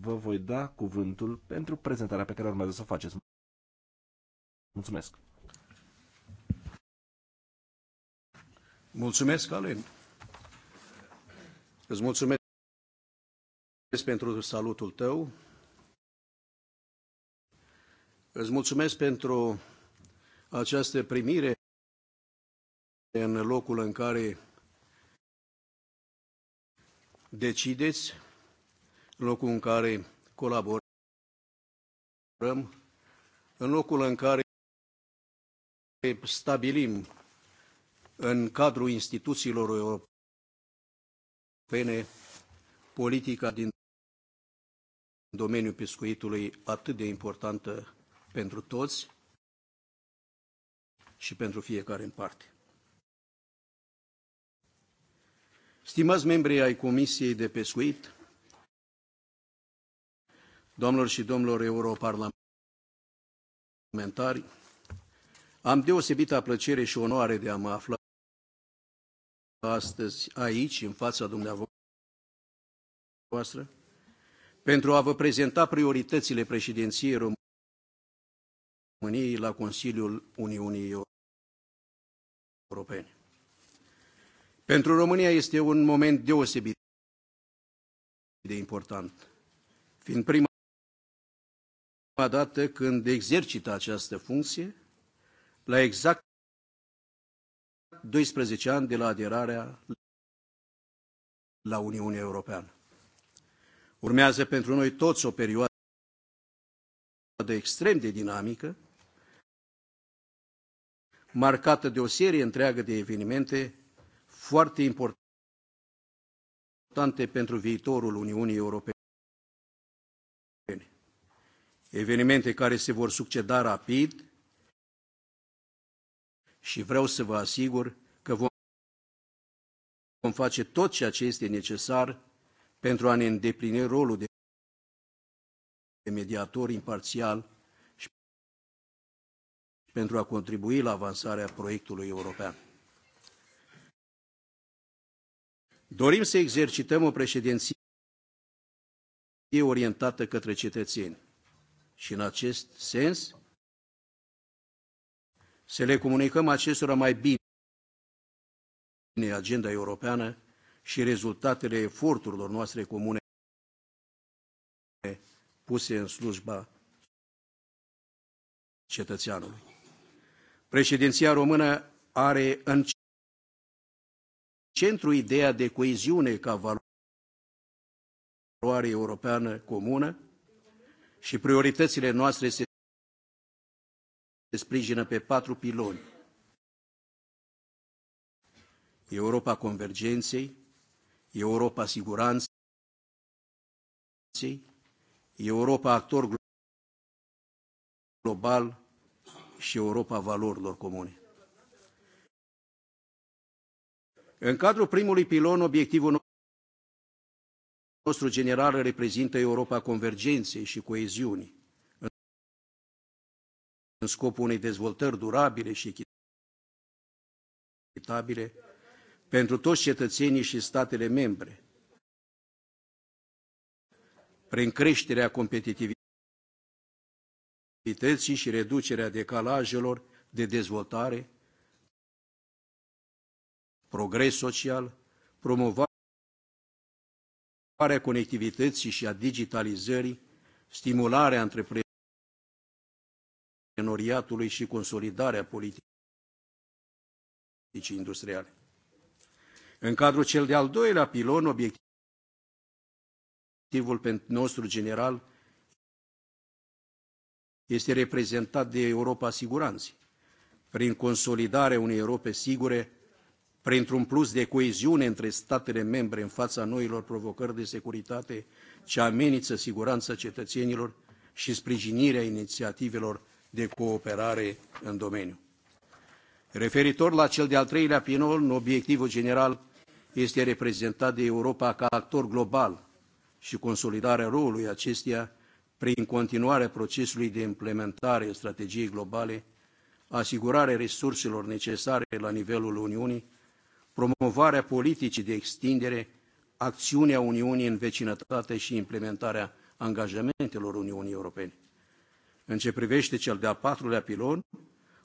vă voi da cuvântul pentru prezentarea pe care urmează să o faceți. Mulțumesc! Mulțumesc, Alin! Îți mulțumesc pentru salutul tău. Îți mulțumesc pentru această primire în locul în care decideți, în locul în care colaborăm, în locul în care stabilim în cadrul instituțiilor europene politica din domeniul pescuitului atât de importantă pentru toți și pentru fiecare în parte. Stimați membri ai Comisiei de Pescuit, doamnelor și domnilor europarlamentari, am deosebită plăcere și onoare de a mă afla astăzi aici, în fața dumneavoastră, pentru a vă prezenta prioritățile președinției României la Consiliul Uniunii Europene. Pentru România este un moment deosebit de important, fiind prima dată când exercită această funcție, la exact 12 ani de la aderarea la Uniunea Europeană. Urmează pentru noi toți o perioadă extrem de dinamică, marcată de o serie întreagă de evenimente foarte importante pentru viitorul Uniunii Europene. Evenimente care se vor succeda rapid și vreau să vă asigur că vom face tot ceea ce este necesar pentru a ne îndeplini rolul de mediator imparțial și pentru a contribui la avansarea proiectului european. Dorim să exercităm o președinție orientată către cetățeni și în acest sens să le comunicăm acestora mai bine agenda europeană și rezultatele eforturilor noastre comune puse în slujba cetățeanului. Președinția română are în centru ideea de coeziune ca valoare europeană comună și prioritățile noastre se sprijină pe patru piloni. Europa convergenței, Europa siguranței, Europa actor global și Europa valorilor comune. În cadrul primului pilon, obiectivul nostru general reprezintă Europa convergenței și coeziunii în scopul unei dezvoltări durabile și echitabile pentru toți cetățenii și statele membre, prin creșterea competitivității și reducerea decalajelor de dezvoltare progres social, promovarea conectivității și a digitalizării, stimularea antreprenoriatului și consolidarea politicii industriale. În cadrul cel de-al doilea pilon, obiectivul nostru general este reprezentat de Europa Siguranței, prin consolidarea unei Europe sigure, printr-un plus de coeziune între statele membre în fața noilor provocări de securitate ce amenință siguranța cetățenilor și sprijinirea inițiativelor de cooperare în domeniu. Referitor la cel de-al treilea pinol, obiectivul general este reprezentat de Europa ca actor global și consolidarea rolului acesteia prin continuarea procesului de implementare a strategiei globale, asigurarea resurselor necesare la nivelul Uniunii promovarea politicii de extindere, acțiunea Uniunii în vecinătate și implementarea angajamentelor Uniunii Europene. În ce privește cel de-al patrulea pilon,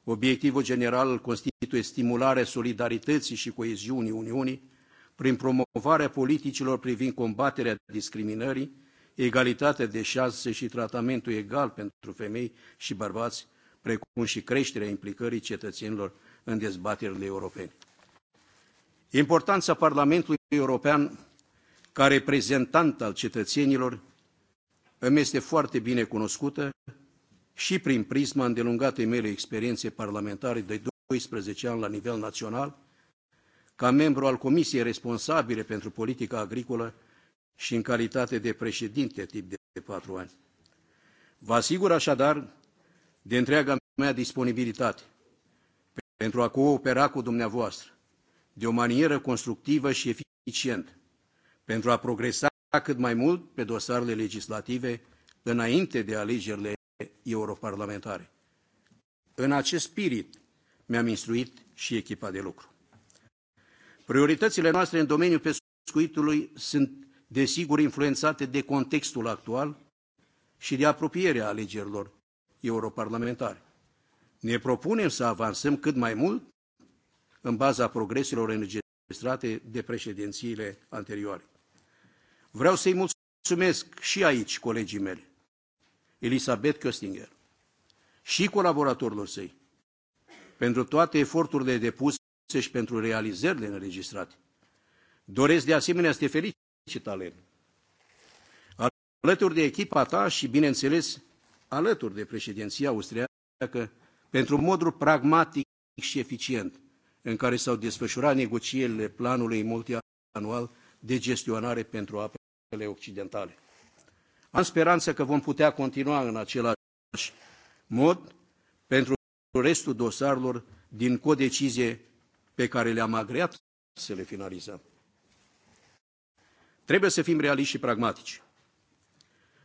obiectivul general constituie stimularea solidarității și coeziunii Uniunii prin promovarea politicilor privind combaterea discriminării, egalitatea de șanse și tratamentul egal pentru femei și bărbați, precum și creșterea implicării cetățenilor în dezbaterile europene. Importanța Parlamentului European, ca reprezentant al cetățenilor, îmi este foarte bine cunoscută și prin prisma îndelungatei mele experiențe parlamentare de 12 ani la nivel național, ca membru al Comisiei responsabile pentru politica agricolă și în calitate de președinte tip de patru ani. Vă asigur așadar de întreaga mea disponibilitate pentru a coopera cu dumneavoastră de o manieră constructivă și eficientă pentru a progresa cât mai mult pe dosarele legislative înainte de alegerile europarlamentare. În acest spirit mi-am instruit și echipa de lucru. Prioritățile noastre în domeniul pescuitului sunt desigur influențate de contextul actual și de apropierea alegerilor europarlamentare. Ne propunem să avansăm cât mai mult în baza progreselor înregistrate de președințiile anterioare. Vreau să-i mulțumesc și aici colegii mele, Elisabeth Köstinger, și colaboratorilor săi, pentru toate eforturile depuse și pentru realizările înregistrate. Doresc de asemenea să te felicit, Alen, alături de echipa ta și, bineînțeles, alături de președinția austriacă, pentru modul pragmatic și eficient în care s-au desfășurat negocierile planului multianual de gestionare pentru apele occidentale. Am speranță că vom putea continua în același mod pentru restul dosarelor din codecizie pe care le-am agreat să le finalizăm. Trebuie să fim realiști și pragmatici.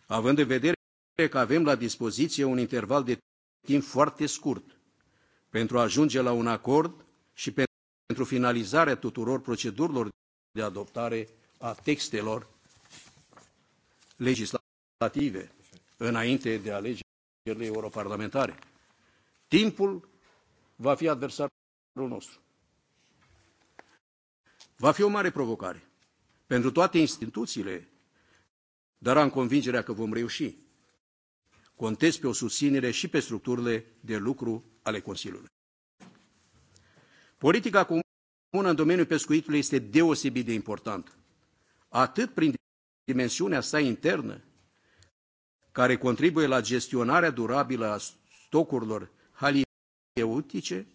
Având în vedere că avem la dispoziție un interval de timp foarte scurt pentru a ajunge la un acord și pentru finalizarea tuturor procedurilor de adoptare a textelor legislative înainte de alegerile europarlamentare. Timpul va fi adversarul nostru. Va fi o mare provocare pentru toate instituțiile, dar am convingerea că vom reuși. Contez pe o susținere și pe structurile de lucru ale Consiliului. Politica comună în domeniul pescuitului este deosebit de importantă, atât prin dimensiunea sa internă, care contribuie la gestionarea durabilă a stocurilor halieutice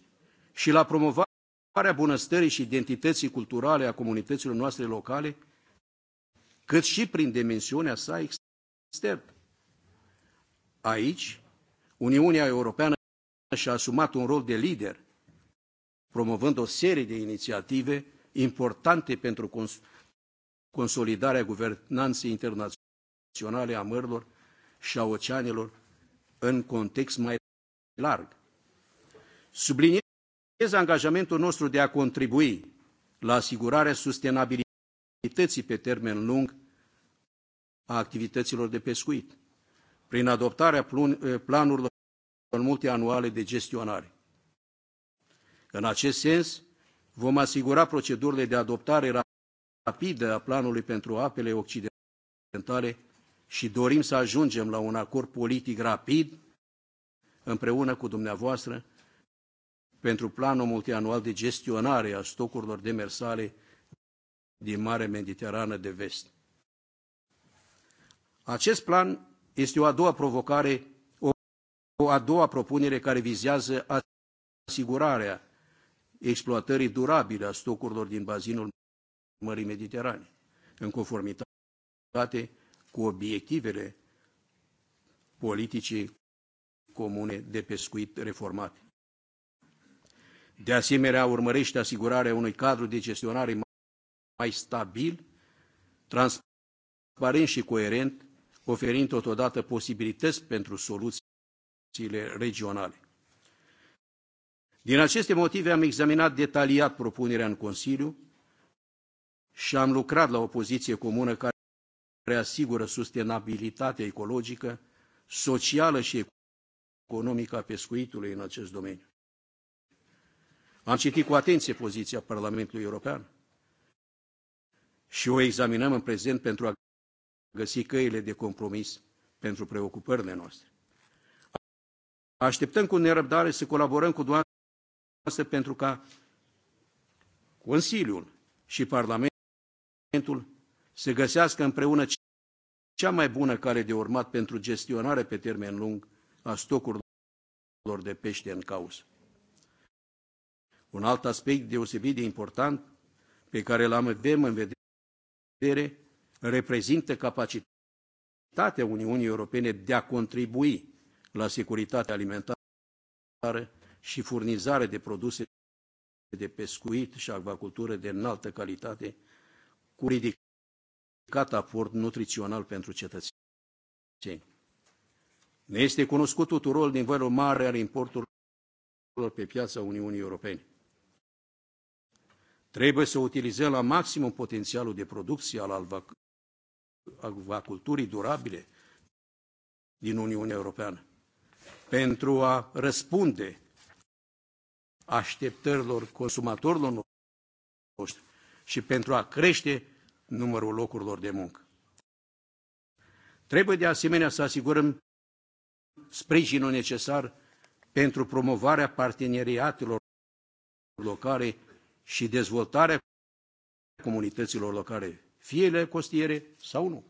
și la promovarea bunăstării și identității culturale a comunităților noastre locale, cât și prin dimensiunea sa externă. Aici, Uniunea Europeană și-a asumat un rol de lider promovând o serie de inițiative importante pentru cons consolidarea guvernanței internaționale a mărilor și a oceanelor în context mai larg. Subliniez angajamentul nostru de a contribui la asigurarea sustenabilității pe termen lung a activităților de pescuit, prin adoptarea planurilor multianuale de gestionare. În acest sens, vom asigura procedurile de adoptare rapidă a planului pentru apele occidentale și dorim să ajungem la un acord politic rapid împreună cu dumneavoastră pentru planul multianual de gestionare a stocurilor demersale din Marea Mediterană de Vest. Acest plan este o a doua provocare, o, a doua propunere care vizează asigurarea exploatării durabile a stocurilor din bazinul Mării Mediterane, în conformitate cu obiectivele politicii comune de pescuit reformate. De asemenea, urmărește asigurarea unui cadru de gestionare mai stabil, transparent și coerent, oferind totodată posibilități pentru soluțiile regionale. Din aceste motive am examinat detaliat propunerea în Consiliu și am lucrat la o poziție comună care asigură sustenabilitatea ecologică, socială și economică a pescuitului în acest domeniu. Am citit cu atenție poziția Parlamentului European și o examinăm în prezent pentru a găsi căile de compromis pentru preocupările noastre. Așteptăm cu nerăbdare să colaborăm cu doamna noastre pentru ca Consiliul și Parlamentul să găsească împreună cea mai bună care de urmat pentru gestionare pe termen lung a stocurilor de pește în cauză. Un alt aspect deosebit de important pe care l-am avem în vedere reprezintă capacitatea Uniunii Europene de a contribui la securitatea alimentară și furnizare de produse de pescuit și acvacultură de înaltă calitate, cu ridicat aport nutrițional pentru cetățeni. Ne este cunoscut tuturor nivelul mare al importurilor pe piața Uniunii Europene. Trebuie să utilizăm la maximum potențialul de producție al acvaculturii durabile din Uniunea Europeană pentru a răspunde așteptărilor consumatorilor noștri și pentru a crește numărul locurilor de muncă. Trebuie de asemenea să asigurăm sprijinul necesar pentru promovarea parteneriatelor locale și dezvoltarea comunităților locale, fie ele costiere sau nu.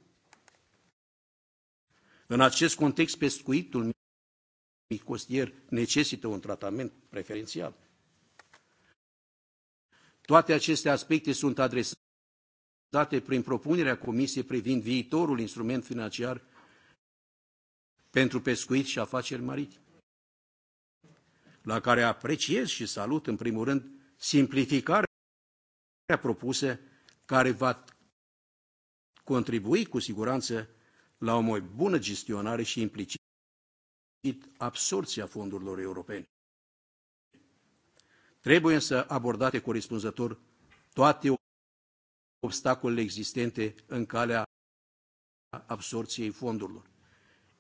În acest context, pescuitul micostier necesită un tratament preferențial. Toate aceste aspecte sunt adresate prin propunerea Comisiei privind viitorul instrument financiar pentru pescuit și afaceri maritime, la care apreciez și salut, în primul rând, simplificarea propusă, care va contribui cu siguranță la o mai bună gestionare și implicit absorția fondurilor europene. Trebuie să abordate corespunzător toate obstacolele existente în calea absorției fondurilor,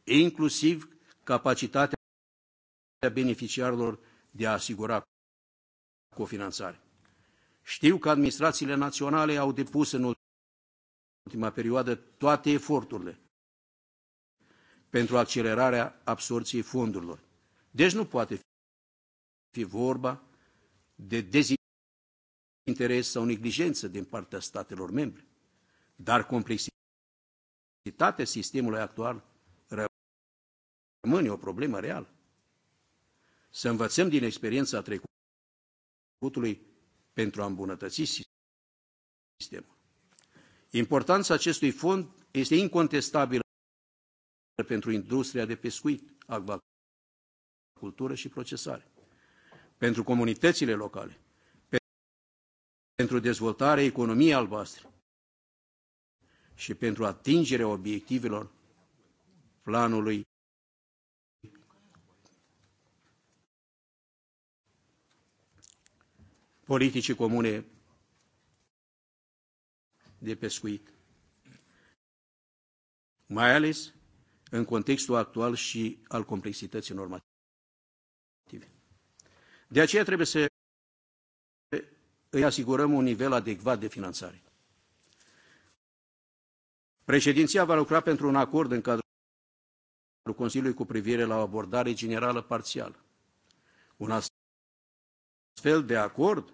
inclusiv capacitatea beneficiarilor de a asigura cofinanțare. Știu că administrațiile naționale au depus în ultima perioadă toate eforturile pentru accelerarea absorției fondurilor. Deci nu poate fi vorba de dezinteres sau neglijență din partea statelor membre, dar complexitatea sistemului actual rămâne o problemă reală. Să învățăm din experiența trecutului pentru a îmbunătăți sistemul. Importanța acestui fond este incontestabilă pentru industria de pescuit, acvacultură și procesare pentru comunitățile locale, pentru dezvoltarea economiei albastre și pentru atingerea obiectivelor planului politicii comune de pescuit, mai ales în contextul actual și al complexității normative. De aceea trebuie să îi asigurăm un nivel adecvat de finanțare. Președinția va lucra pentru un acord în cadrul Consiliului cu privire la o abordare generală parțială. Un astfel de acord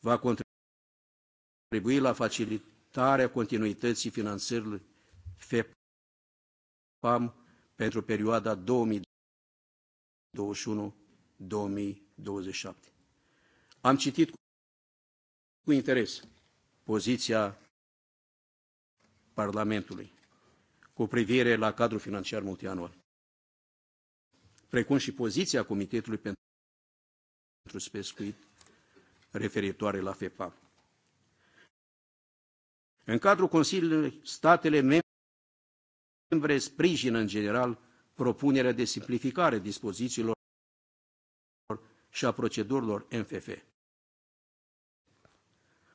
va contribui la facilitarea continuității finanțării FEPAM pentru perioada 2021-2027. 27. Am citit cu interes poziția Parlamentului cu privire la cadrul financiar multianual, precum și poziția Comitetului pentru Pescuit referitoare la FEPA. În cadrul Consiliului, statele membre sprijină în general propunerea de simplificare dispozițiilor și a procedurilor MFF.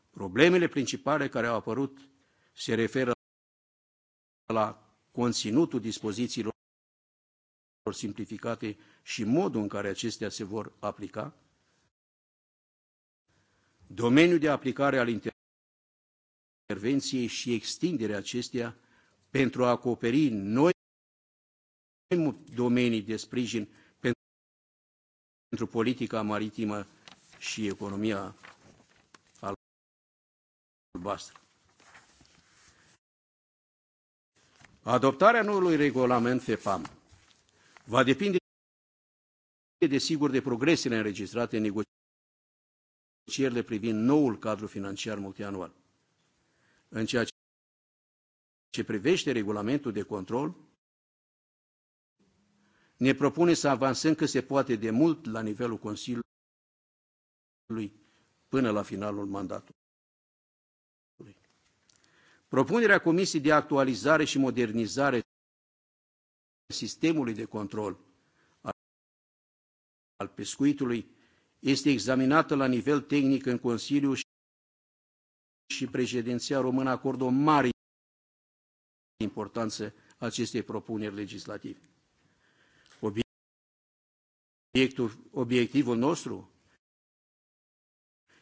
Problemele principale care au apărut se referă la conținutul dispozițiilor simplificate și modul în care acestea se vor aplica, domeniul de aplicare al intervenției și extinderea acesteia pentru a acoperi noi domenii de sprijin pentru politica maritimă și economia albastră. Adoptarea noului regulament FEPAM va depinde desigur de progresele înregistrate în negocierile privind noul cadru financiar multianual. În ceea ce privește regulamentul de control, ne propune să avansăm cât se poate de mult la nivelul Consiliului până la finalul mandatului. Propunerea Comisiei de actualizare și modernizare sistemului de control al pescuitului este examinată la nivel tehnic în Consiliu și președinția română acordă o mare importanță acestei propuneri legislative. Obiectul, obiectivul nostru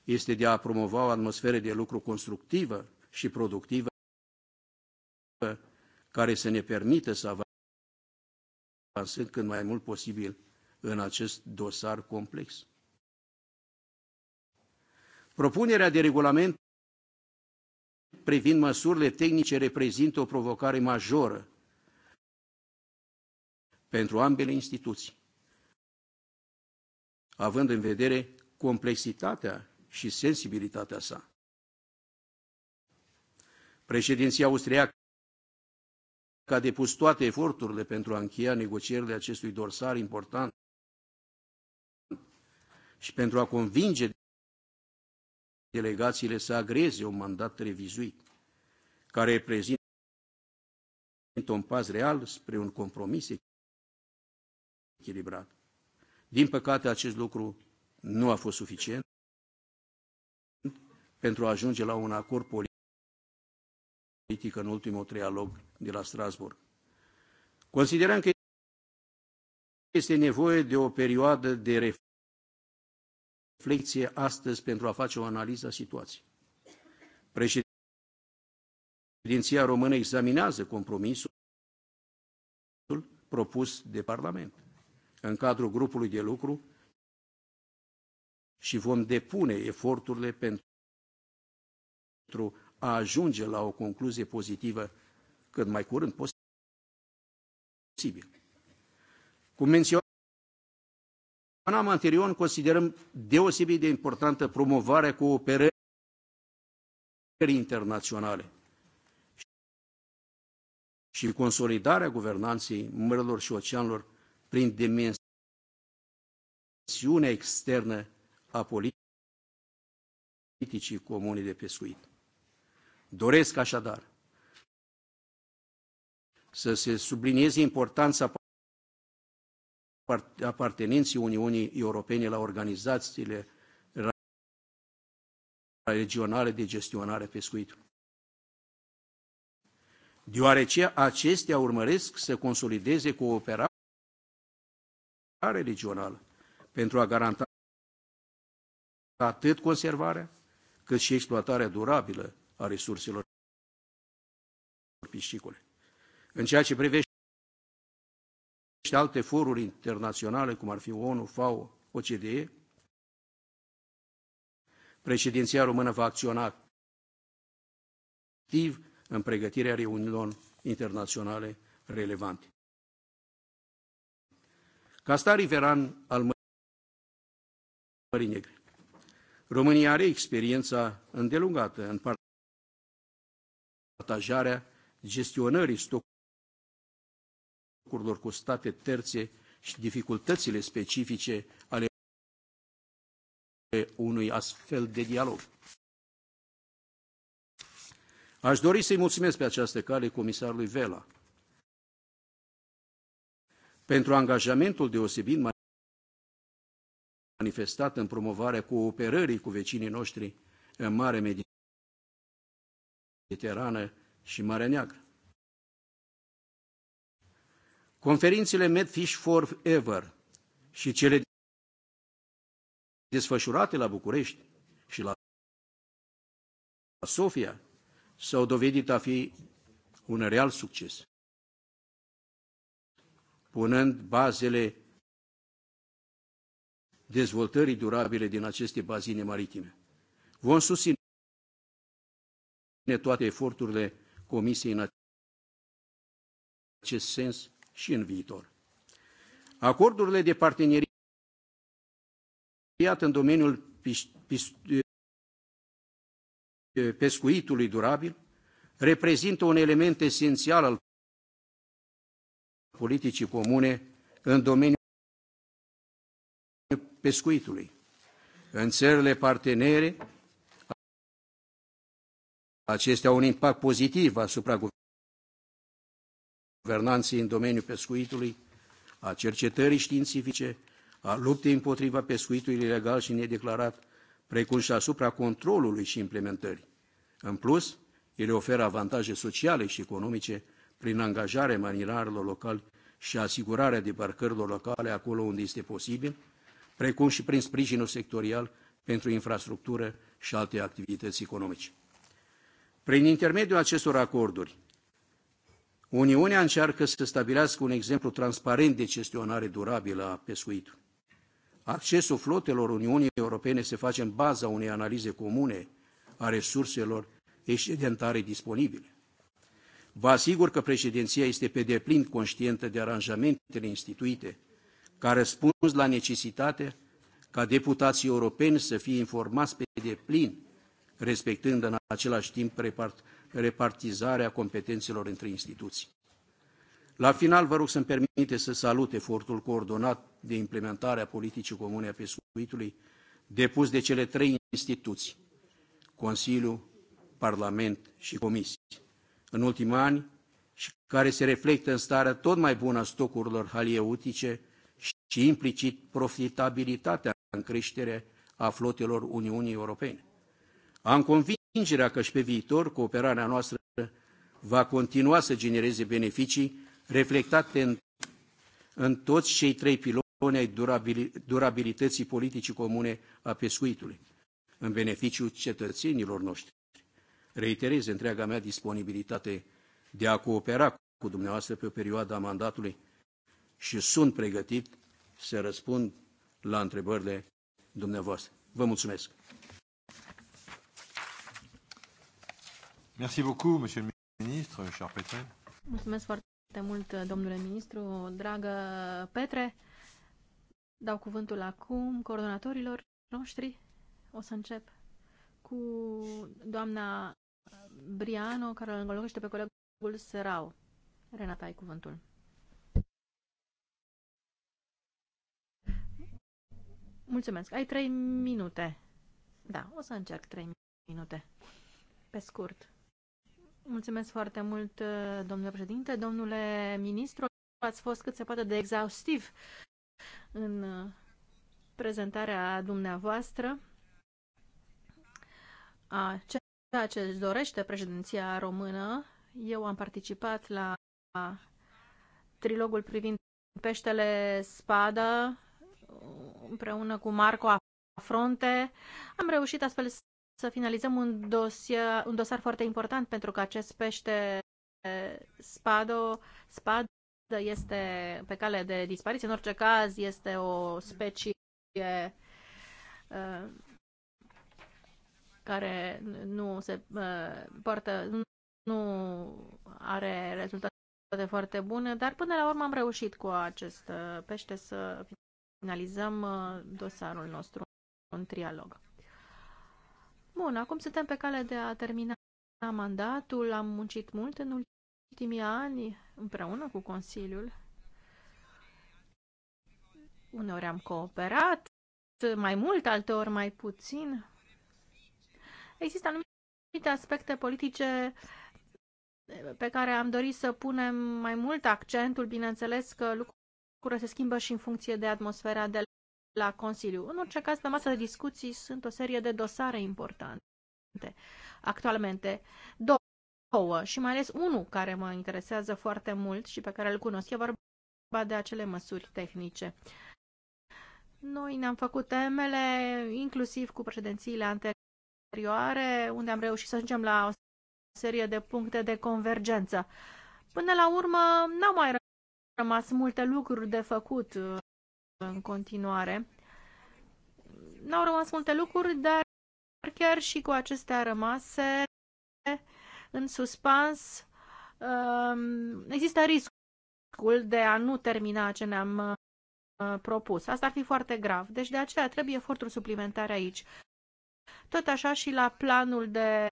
este de a promova o atmosferă de lucru constructivă și productivă care să ne permită să avansăm cât mai mult posibil în acest dosar complex. Propunerea de regulament privind măsurile tehnice reprezintă o provocare majoră pentru ambele instituții, având în vedere complexitatea și sensibilitatea sa. Președinția austriacă a depus toate eforturile pentru a încheia negocierile acestui dorsar important și pentru a convinge delegațiile să agreze un mandat revizuit, care reprezintă un pas real spre un compromis echilibrat. Din păcate, acest lucru nu a fost suficient pentru a ajunge la un acord politic în ultimul trialog de la Strasburg. Considerăm că este nevoie de o perioadă de reflexie astăzi pentru a face o analiză a situației. Președinția română examinează compromisul propus de Parlament în cadrul grupului de lucru și vom depune eforturile pentru a ajunge la o concluzie pozitivă cât mai curând posibil. Cum menționam anterior, considerăm deosebit de importantă promovarea cooperării internaționale și consolidarea guvernanței mărilor și oceanelor prin dimensiunea externă a politicii comune de pescuit. Doresc așadar să se sublinieze importanța apartenenții Uniunii Europene la organizațiile regionale de gestionare pescuitului. Deoarece acestea urmăresc să consolideze cooperarea religională pentru a garanta atât conservarea cât și exploatarea durabilă a resurselor piscicole. În ceea ce privește alte foruri internaționale, cum ar fi ONU, FAO, OCDE, președinția română va acționa activ în pregătirea reuniunilor internaționale relevante. Ca star riveran al Mării Negre, România are experiența îndelungată în partajarea gestionării stocurilor cu state terțe și dificultățile specifice ale unui astfel de dialog. Aș dori să-i mulțumesc pe această cale comisarului Vela pentru angajamentul deosebit manifestat în promovarea cooperării cu vecinii noștri în Mare Mediterană și Marea Neagră. Conferințele Medfish Ever și cele desfășurate la București și la Sofia s-au dovedit a fi un real succes punând bazele dezvoltării durabile din aceste bazine maritime. Vom susține toate eforturile Comisiei în acest sens și în viitor. Acordurile de parteneriat în domeniul pescuitului durabil reprezintă un element esențial al politicii comune în domeniul pescuitului. În țările partenere, acestea au un impact pozitiv asupra guvernanței în domeniul pescuitului, a cercetării științifice, a luptei împotriva pescuitului ilegal și nedeclarat, precum și asupra controlului și implementării. În plus, ele oferă avantaje sociale și economice prin angajarea marinarilor locali și asigurarea debarcărilor locale acolo unde este posibil, precum și prin sprijinul sectorial pentru infrastructură și alte activități economice. Prin intermediul acestor acorduri, Uniunea încearcă să stabilească un exemplu transparent de gestionare durabilă a pescuitului. Accesul flotelor Uniunii Europene se face în baza unei analize comune a resurselor excedentare disponibile. Vă asigur că președinția este pe deplin conștientă de aranjamentele instituite ca răspuns la necesitatea ca deputații europeni să fie informați pe deplin, respectând în același timp repart repartizarea competențelor între instituții. La final, vă rog să-mi permite să salut efortul coordonat de implementare a politicii comune a pescuitului depus de cele trei instituții, Consiliu, Parlament și Comisie în ultimii ani și care se reflectă în starea tot mai bună a stocurilor halieutice și implicit profitabilitatea în creștere a flotelor Uniunii Europene. Am convingerea că și pe viitor cooperarea noastră va continua să genereze beneficii reflectate în, în toți cei trei piloni ai durabil, durabilității politicii comune a pescuitului, în beneficiul cetățenilor noștri, reiterez întreaga mea disponibilitate de a coopera cu dumneavoastră pe perioada mandatului și sunt pregătit să răspund la întrebările dumneavoastră. Vă mulțumesc! Merci beaucoup, monsieur le ministre, cher Petre. Mulțumesc foarte mult, domnule ministru, dragă Petre. Dau cuvântul acum coordonatorilor noștri. O să încep cu doamna Briano, care îl înlocuiește pe colegul Serau. Renata, ai cuvântul. Mulțumesc. Ai trei minute. Da, o să încerc trei minute. Pe scurt. Mulțumesc foarte mult, domnule președinte. Domnule ministru, ați fost cât se poate de exhaustiv în prezentarea dumneavoastră a ceea ce își dorește președinția română. Eu am participat la trilogul privind peștele spadă împreună cu Marco Afronte. Am reușit astfel să finalizăm un, dosar, un dosar foarte important pentru că acest pește spado, spadă este pe cale de dispariție. În orice caz, este o specie uh, care nu se uh, poartă, nu are rezultate foarte bune, dar până la urmă am reușit cu acest uh, pește să finalizăm uh, dosarul nostru în trialog. Bun, acum suntem pe cale de a termina mandatul, am muncit mult în ultimii ani împreună cu Consiliul. Uneori am cooperat, mai mult, alteori mai puțin. Există anumite aspecte politice pe care am dorit să punem mai mult accentul, bineînțeles că lucrurile se schimbă și în funcție de atmosfera de la Consiliu. În orice caz, pe masă de discuții sunt o serie de dosare importante actualmente. Două și mai ales unul care mă interesează foarte mult și pe care îl cunosc. E vorba de acele măsuri tehnice. Noi ne-am făcut temele, inclusiv cu președințiile anterioare, unde am reușit să ajungem la o serie de puncte de convergență. Până la urmă, n-au mai rămas multe lucruri de făcut uh, în continuare. N-au rămas multe lucruri, dar chiar și cu acestea rămase în suspans, um, există riscul de a nu termina ce ne-am uh, propus. Asta ar fi foarte grav. Deci de aceea trebuie eforturi suplimentare aici. Tot așa și la planul de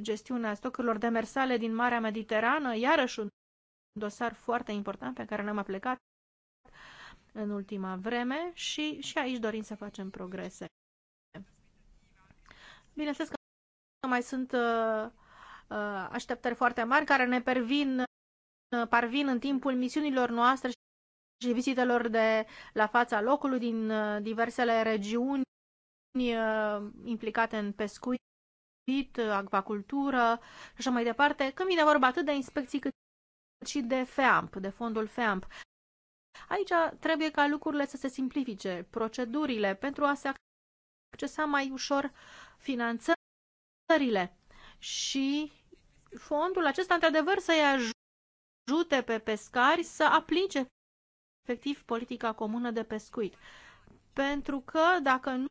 gestiunea stocurilor demersale din Marea Mediterană, iarăși un dosar foarte important pe care ne-am aplicat în ultima vreme și, și aici dorim să facem progrese. Bineînțeles că mai sunt uh, uh, așteptări foarte mari care ne pervin, uh, parvin în timpul misiunilor noastre și vizitelor de la fața locului din diversele regiuni Uh, implicate în pescuit, acvacultură și așa mai departe, când vine vorba atât de inspecții cât și de FEAMP, de fondul FEAMP. Aici trebuie ca lucrurile să se simplifice, procedurile, pentru a se accesa mai ușor finanțările și fondul acesta, într-adevăr, să-i ajute pe pescari să aplice efectiv politica comună de pescuit. Pentru că dacă nu,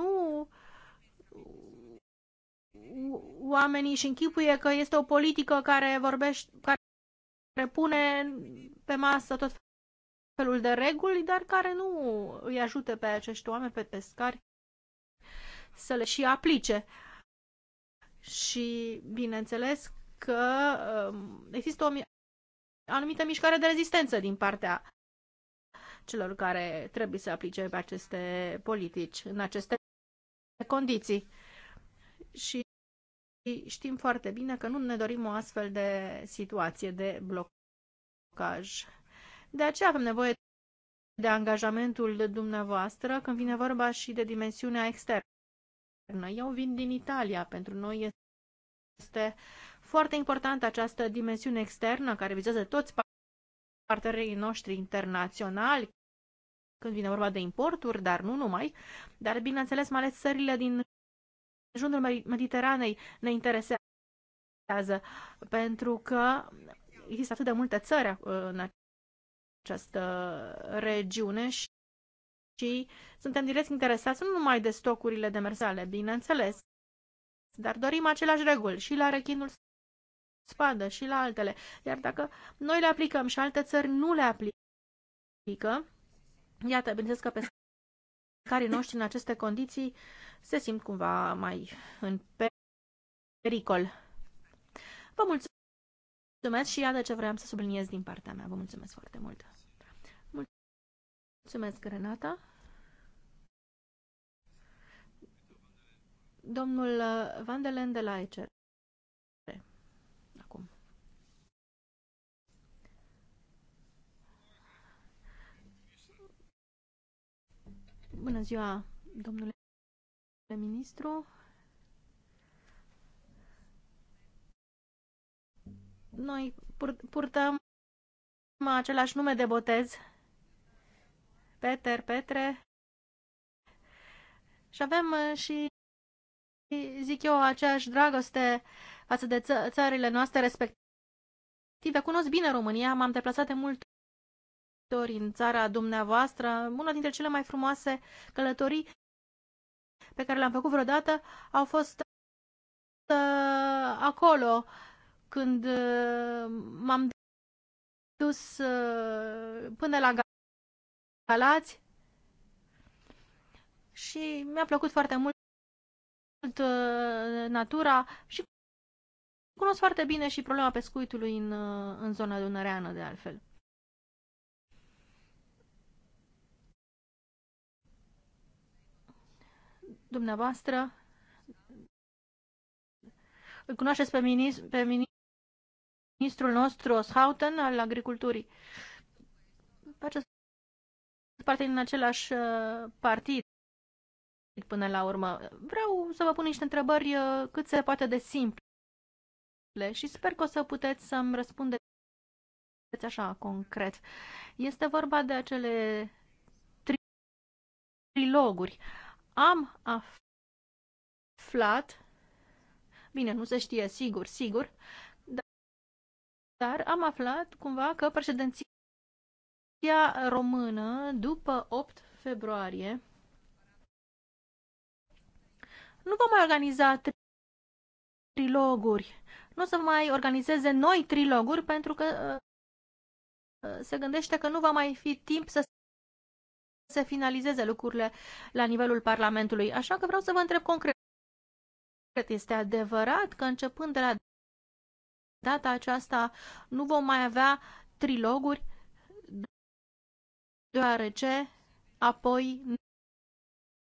nu oamenii și închipuie că este o politică care vorbește, care pune pe masă tot felul de reguli, dar care nu îi ajute pe acești oameni, pe pescari, să le și aplice. Și, bineînțeles, că um, există o anumită mișcare de rezistență din partea celor care trebuie să aplice pe aceste politici în aceste condiții. Și știm foarte bine că nu ne dorim o astfel de situație de blocaj. De aceea avem nevoie de angajamentul dumneavoastră când vine vorba și de dimensiunea externă. Eu vin din Italia, pentru noi este foarte importantă această dimensiune externă care vizează toți partenerii noștri internaționali, când vine vorba de importuri, dar nu numai, dar bineînțeles mai ales țările din jurul Mediteranei ne interesează, pentru că există atât de multe țări uh, în această regiune și, și suntem direct interesați nu numai de stocurile de mersale, bineînțeles, dar dorim aceleași reguli și la rechinul spadă și la altele. Iar dacă noi le aplicăm și alte țări nu le aplică, Iată, bineînțeles că pescarii noștri în aceste condiții se simt cumva mai în pericol. Vă mulțumesc și iată ce vreau să subliniez din partea mea. Vă mulțumesc foarte mult. Mulțumesc, Renata. Domnul Vandelen de la ECR. Bună ziua, domnule ministru. Noi purtăm același nume de botez, Peter, Petre, și avem uh, și, zic eu, aceeași dragoste față de ță țările noastre respective. Cunosc bine România, m-am deplasat de mult călători în țara dumneavoastră, una dintre cele mai frumoase călătorii pe care le-am făcut vreodată au fost uh, acolo când uh, m-am dus uh, până la Galați și mi-a plăcut foarte mult uh, natura și cunosc foarte bine și problema pescuitului în, uh, în zona dunăreană, de altfel. dumneavoastră îl cunoașteți pe, minist- pe ministrul nostru, Oshauten, al agriculturii. Faceți parte din același uh, partid până la urmă. Vreau să vă pun niște întrebări uh, cât se poate de simple și sper că o să puteți să-mi răspundeți așa concret. Este vorba de acele triloguri. Am aflat, bine, nu se știe sigur, sigur, dar am aflat cumva că președinția română după 8 februarie nu va mai organiza triloguri. Nu o să mai organizeze noi triloguri pentru că uh, uh, se gândește că nu va mai fi timp să să finalizeze lucrurile la nivelul Parlamentului. Așa că vreau să vă întreb concret. Este adevărat că începând de la data aceasta nu vom mai avea triloguri, deoarece apoi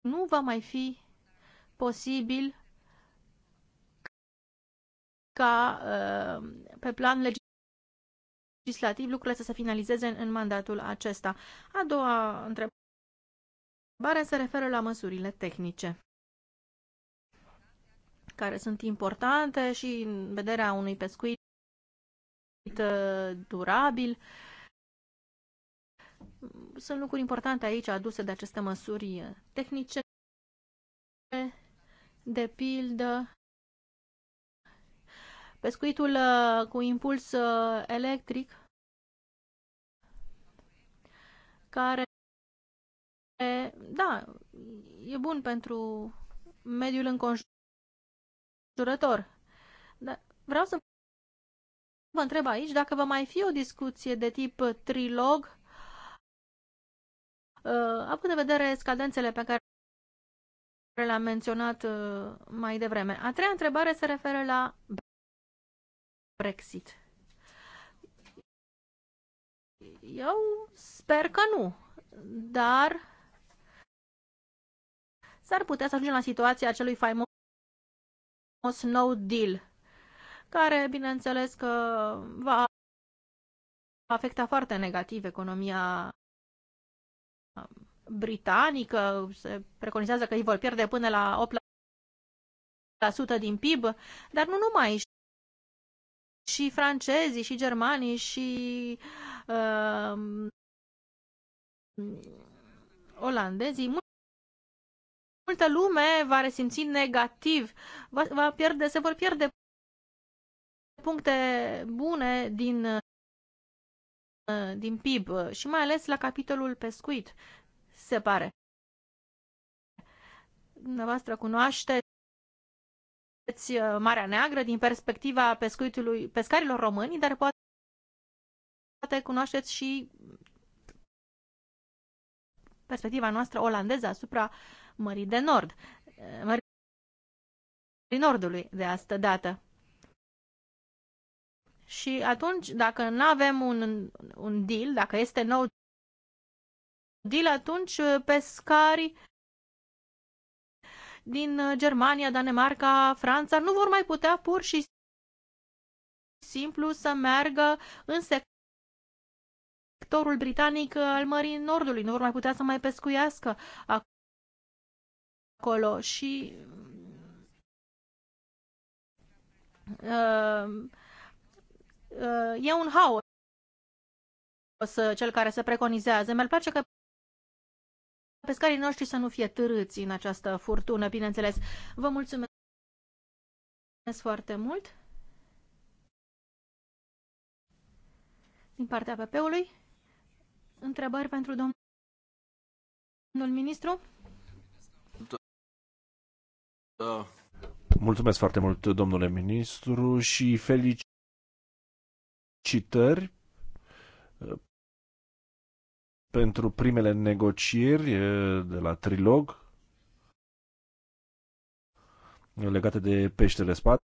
nu va mai fi posibil ca uh, pe plan legislativ lucrurile să se finalizeze în mandatul acesta. A doua întrebare întrebare se referă la măsurile tehnice care sunt importante și în vederea unui pescuit uh, durabil. Sunt lucruri importante aici aduse de aceste măsuri tehnice, de pildă pescuitul uh, cu impuls uh, electric care da, e bun pentru mediul înconjurător. Dar vreau să vă întreb aici dacă va mai fi o discuție de tip trilog, ă, având în vedere scadențele pe care le-am menționat ă, mai devreme. A treia întrebare se referă la Brexit. Eu sper că nu, dar s-ar putea să ajungem la situația acelui faimos no deal, care, bineînțeles, că va afecta foarte negativ economia um, britanică. Se preconizează că îi vor pierde până la 8% din PIB, dar nu numai și francezii, și germanii, și uh, olandezii, multă lume va resimți negativ, va, va pierde, se vor pierde puncte bune din, din PIB și mai ales la capitolul pescuit, se pare. Dumneavoastră cunoașteți uh, Marea Neagră din perspectiva pescuitului pescarilor români, dar poate poate cunoașteți și perspectiva noastră olandeză asupra Mării de Nord, Mării Nordului de astă dată. Și atunci, dacă nu avem un, un deal, dacă este nou deal, atunci uh, pescari din uh, Germania, Danemarca, Franța nu vor mai putea pur și simplu să meargă în sectorul britanic uh, al Mării Nordului. Nu vor mai putea să mai pescuiască acolo și uh, uh, e un haos cel care se preconizează. Mi-ar place că pescarii noștri să nu fie târâți în această furtună, bineînțeles. Vă mulțumesc foarte mult din partea PP-ului. Întrebări pentru domnul ministru? Da. Mulțumesc foarte mult, domnule ministru, și felicitări uh, pentru primele negocieri uh, de la Trilog legate de peștele spate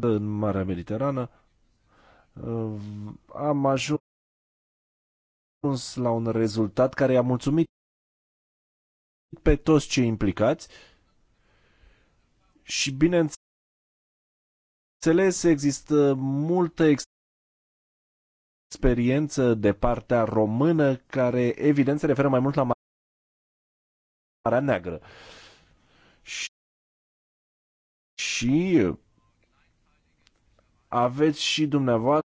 în Marea Mediterană. Uh, am ajuns la un rezultat care a mulțumit pe toți cei implicați și bineînțeles există multă experiență de partea română care evident se referă mai mult la Marea Neagră. Și, și aveți și dumneavoastră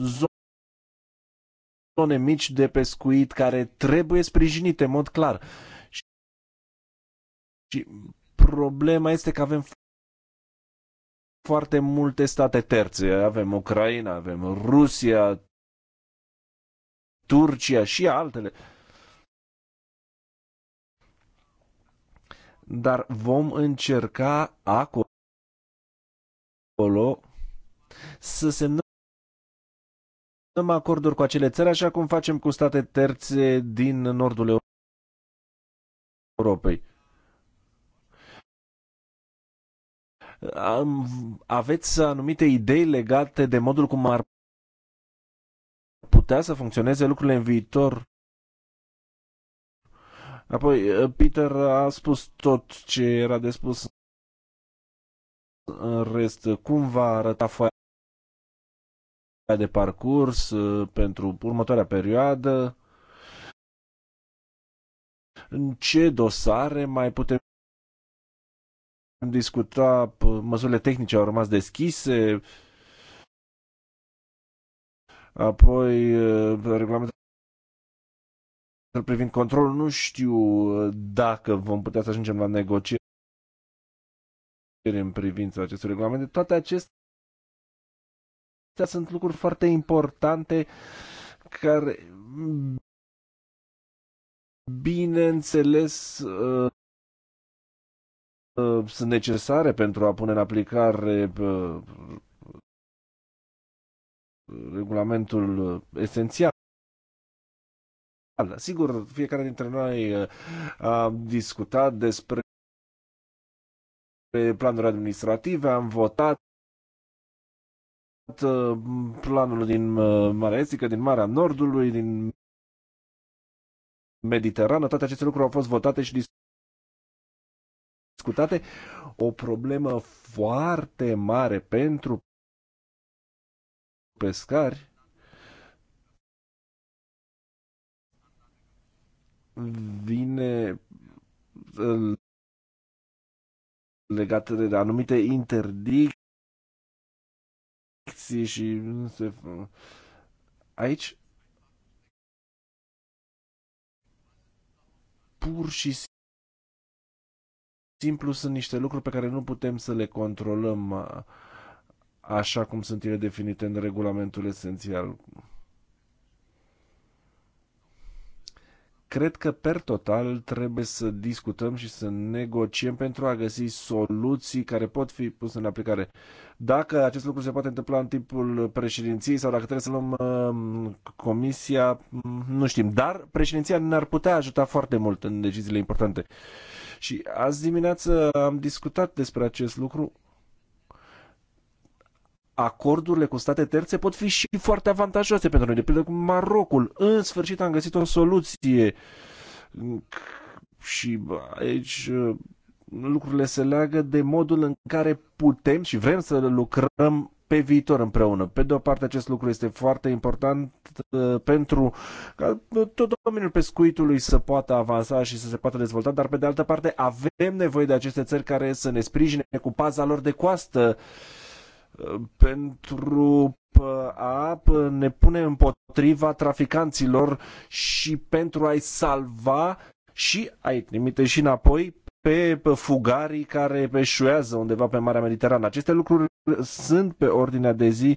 zone mici de pescuit care trebuie sprijinite în mod clar. Uh, și problema este că avem foarte multe state terțe. Avem Ucraina, avem Rusia, Turcia și altele. Dar vom încerca acolo să semnăm acorduri cu acele țări, așa cum facem cu state terțe din nordul Europei. aveți anumite idei legate de modul cum ar putea să funcționeze lucrurile în viitor? Apoi, uh, Peter a spus tot ce era de spus. În rest, cum va arăta foaia de parcurs uh, pentru următoarea perioadă? În ce dosare mai putem am discutat măsurile tehnice au rămas deschise, apoi regulamentul privind controlul, nu știu dacă vom putea să ajungem la negocieri în privința acestui regulament. Toate acestea sunt lucruri foarte importante care bineînțeles Uh, sunt necesare pentru a pune în aplicare uh, regulamentul uh, esențial. Sigur, fiecare dintre noi a discutat despre planuri administrative, am votat planul din Marea Estică, din Marea Nordului, din Mediterană, toate aceste lucruri au fost votate și discutate discutate, o problemă foarte mare pentru pescari vine uh, legată de anumite interdicții și nu se... Aici pur și simplu sunt niște lucruri pe care nu putem să le controlăm uh, așa cum sunt ele definite în regulamentul esențial. cred că per total trebuie să discutăm și să negociem pentru a găsi soluții care pot fi puse în aplicare. Dacă acest lucru se poate întâmpla în timpul președinției sau dacă trebuie să luăm uh, comisia, mm, nu știm. Dar președinția ne-ar putea ajuta foarte mult în deciziile importante. Și azi dimineață am discutat despre acest lucru acordurile cu state terțe pot fi și foarte avantajoase pentru noi. De pildă cu Marocul. În sfârșit am găsit o soluție și aici uh, lucrurile se leagă de modul în care putem și vrem să lucrăm pe viitor împreună. Pe de o parte, acest lucru este foarte important uh, pentru ca uh, tot domeniul pescuitului să poată avansa și să se poată dezvolta, dar pe de altă parte avem nevoie de aceste țări care să ne sprijine cu paza lor de coastă uh, pentru a ne pune împotriva traficanților și pentru a-i salva și a-i trimite și înapoi pe fugarii care peșuează undeva pe Marea Mediterană. Aceste lucruri sunt pe ordinea de zi.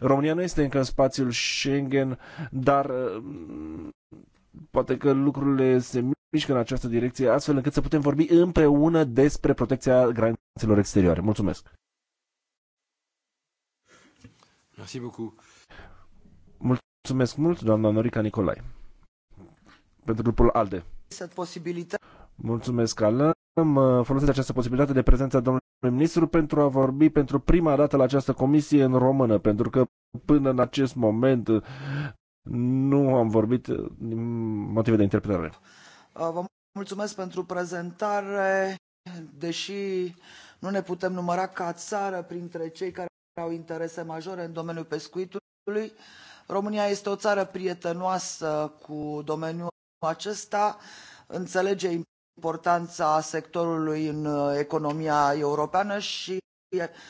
România nu este încă în spațiul Schengen, dar mm, poate că lucrurile se mișcă în această direcție, astfel încât să putem vorbi împreună despre protecția granițelor exterioare. Mulțumesc! Merci beaucoup. Mulțumesc mult, doamna Norica Nicolai, pentru grupul ALDE. Mulțumesc, Alain. Folosesc această posibilitate de prezența domnului ministru pentru a vorbi pentru prima dată la această comisie în română, pentru că până în acest moment nu am vorbit din motive de interpretare. Uh, vă mulțumesc pentru prezentare, deși nu ne putem număra ca țară printre cei care au interese majore în domeniul pescuitului. România este o țară prietenoasă cu domeniul acesta, înțelege importanța sectorului în economia europeană și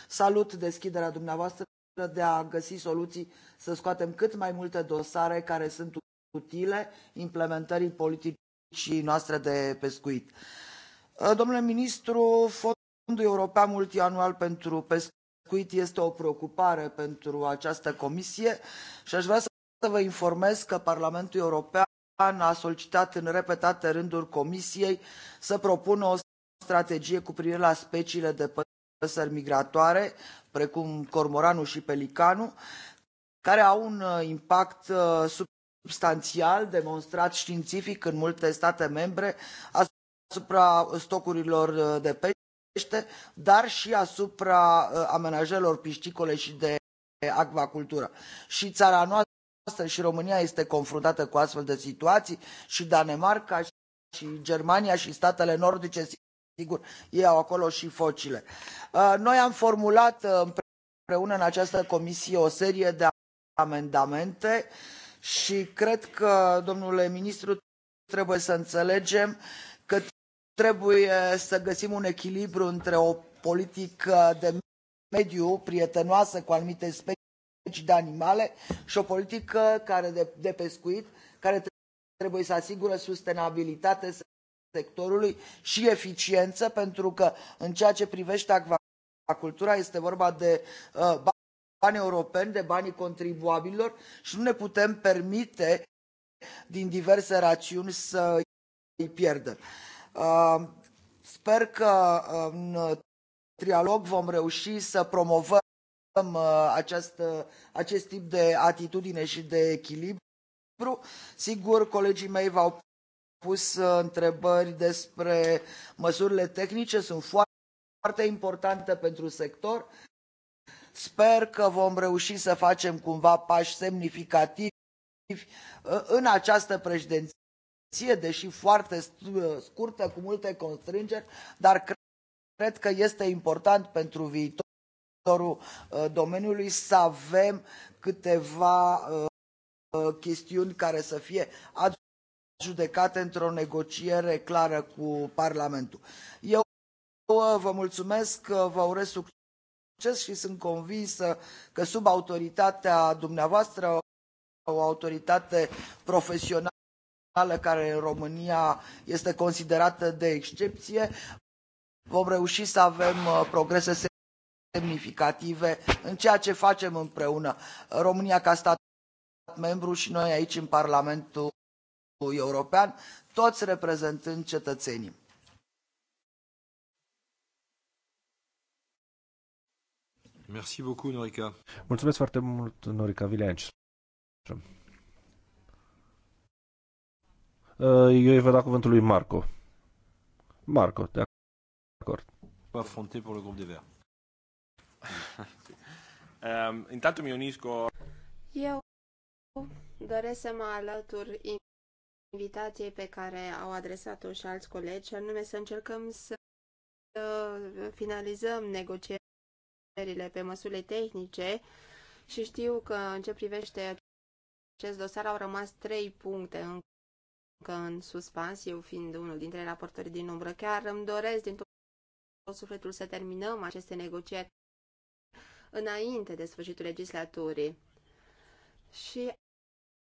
salut deschiderea dumneavoastră de a găsi soluții să scoatem cât mai multe dosare care sunt utile implementării politicii noastre de pescuit. Domnule ministru, Fondul European Multianual pentru Pescuit Cuit este o preocupare pentru această comisie și aș vrea să vă informez că Parlamentul European a solicitat în repetate rânduri comisiei să propună o strategie cu privire la speciile de păsări migratoare, precum cormoranul și pelicanul, care au un uh, impact uh, substanțial demonstrat științific în multe state membre asupra stocurilor uh, de pește pește, dar și asupra uh, amenajelor piscicole și de acvacultură. Și țara noastră și România este confruntată cu astfel de situații și Danemarca și Germania și statele nordice, sigur, ei au acolo și focile. Uh, noi am formulat uh, împreună în această comisie o serie de amendamente și cred că, domnule ministru, trebuie să înțelegem trebuie să găsim un echilibru între o politică de mediu prietenoasă cu anumite specii de animale și o politică care de, de pescuit care trebuie să asigure sustenabilitate sectorului și eficiență pentru că în ceea ce privește acvacultura este vorba de uh, bani europeni, de banii contribuabililor și nu ne putem permite din diverse rațiuni să îi pierdem. Uh, sper că în trialog vom reuși să promovăm uh, acest, uh, acest tip de atitudine și de echilibru. Sigur, colegii mei v-au pus întrebări despre măsurile tehnice, sunt foarte, foarte importante pentru sector. Sper că vom reuși să facem cumva pași semnificativi în această președinție ție, deși foarte scurtă, cu multe constrângeri, dar cred că este important pentru viitorul uh, domeniului să avem câteva uh, uh, chestiuni care să fie judecate într-o negociere clară cu Parlamentul. Eu vă mulțumesc, vă urez succes și sunt convinsă că sub autoritatea dumneavoastră, o autoritate profesională, națională, care în România este considerată de excepție, vom reuși să avem uh, progrese semnificative în ceea ce facem împreună. România ca stat membru și noi aici în Parlamentul European, toți reprezentând cetățenii. Merci beaucoup, Norica. Mulțumesc foarte mult, Norica Vileanci. Eh, eu îi voi da cuvântul lui Marco. Marco, de acord. Vă afrontez pentru groupe de Verts. um, ehm, intanto mi unisco... Eu doresc să mă alătur invitației pe care au adresat-o și alți colegi, anume să încercăm să finalizăm negocierile pe măsurile tehnice și știu că în ce privește acest dosar au rămas trei puncte în că în suspans, eu fiind unul dintre raportorii din umbră, chiar îmi doresc din tot sufletul să terminăm aceste negocieri înainte de sfârșitul legislaturii. Și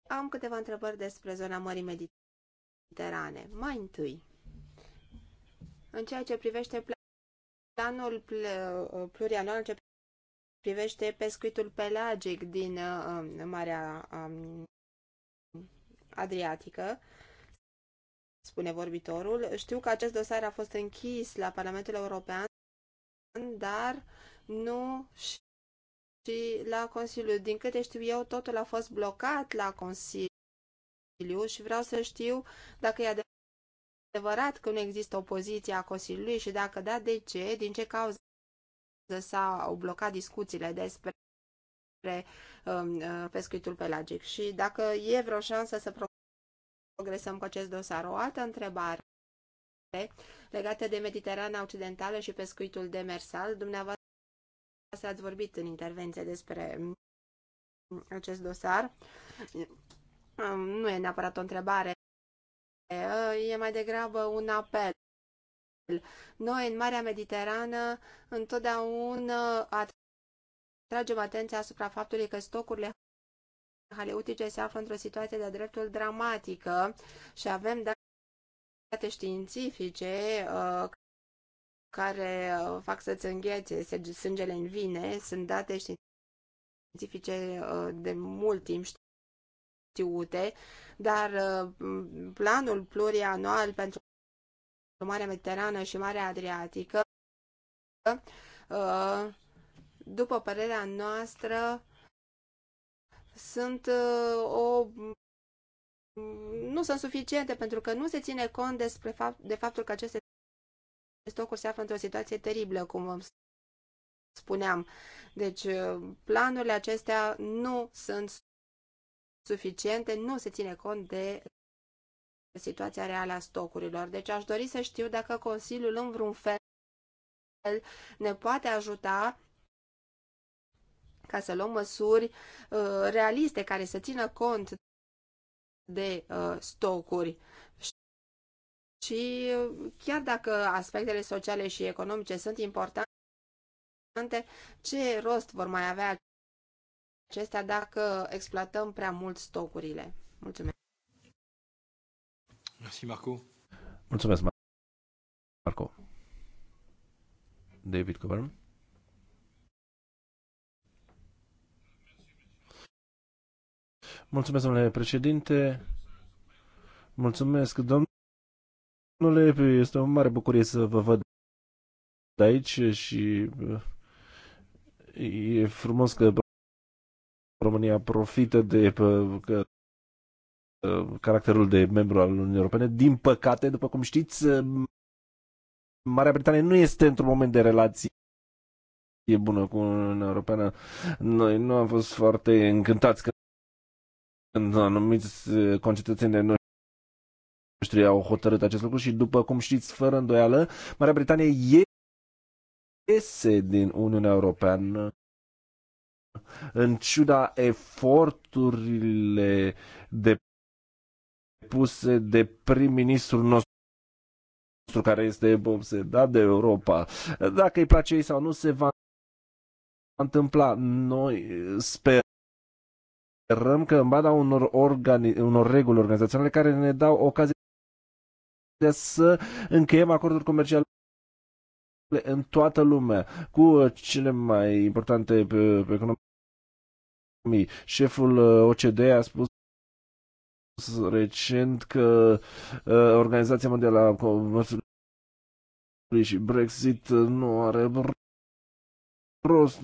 am câteva întrebări despre zona Mării Mediterane. Mai întâi, în ceea ce privește planul uh, plurianual, ce privește pescuitul pelagic din uh, um, Marea um, Adriatică, spune vorbitorul. Știu că acest dosar a fost închis la Parlamentul European, dar nu și la Consiliu. Din câte știu eu, totul a fost blocat la Consiliu și vreau să știu dacă e adevărat că nu există opoziție a Consiliului și dacă da, de ce, din ce cauză s-au blocat discuțiile despre um, uh, pescuitul pelagic și dacă e vreo șansă să progresăm cu acest dosar. O altă întrebare legată de Mediterana Occidentală și pescuitul demersal. Dumneavoastră ați vorbit în intervenție despre acest dosar. Nu e neapărat o întrebare, e mai degrabă un apel. Noi, în Marea Mediterană, întotdeauna atragem atenția asupra faptului că stocurile Haleutice se află într-o situație de-a dreptul dramatică și avem date științifice uh, care uh, fac să-ți înghețe sângele în vine, sunt date științifice uh, de mult timp știute, dar uh, planul plurianual pentru Marea Mediterană și Marea Adriatică, după părerea noastră, sunt uh, o nu sunt suficiente pentru că nu se ține cont despre fapt, de faptul că aceste stocuri se află într-o situație teribilă, cum vă spuneam. Deci uh, planurile acestea nu sunt suficiente, nu se ține cont de situația reală a stocurilor. Deci aș dori să știu dacă Consiliul în vreun fel ne poate ajuta ca să luăm măsuri uh, realiste care să țină cont de uh, stocuri. Și uh, chiar dacă aspectele sociale și economice sunt importante, ce rost vor mai avea acestea dacă exploatăm prea mult stocurile? Mulțumesc! Mersi, Marco! Mulțumesc, Marco! David Coburn. Mulțumesc, domnule președinte. Mulțumesc, domnule. Este o mare bucurie să vă văd aici și uh, e frumos că România profită de uh, că, uh, caracterul de membru al Uniunii Europene. Din păcate, după cum știți, Marea Britanie nu este într-un moment de relații e bună cu Uniunea Europeană. Noi nu am fost foarte încântați că când anumiți concetățeni de noștri au hotărât acest lucru și, după cum știți, fără îndoială, Marea Britanie iese din Uniunea Europeană în ciuda eforturile depuse de prim-ministrul nostru care este obsedat de Europa. Dacă îi place ei sau nu, se va întâmpla. Noi sperăm sperăm că în bada unor, organi- unor reguli organizaționale care ne dau ocazia să încheiem acorduri comerciale în toată lumea cu cele mai importante pe economii. Șeful uh, OCD a spus recent că uh, Organizația Mondială a Comerțului și Brexit uh, nu are rost,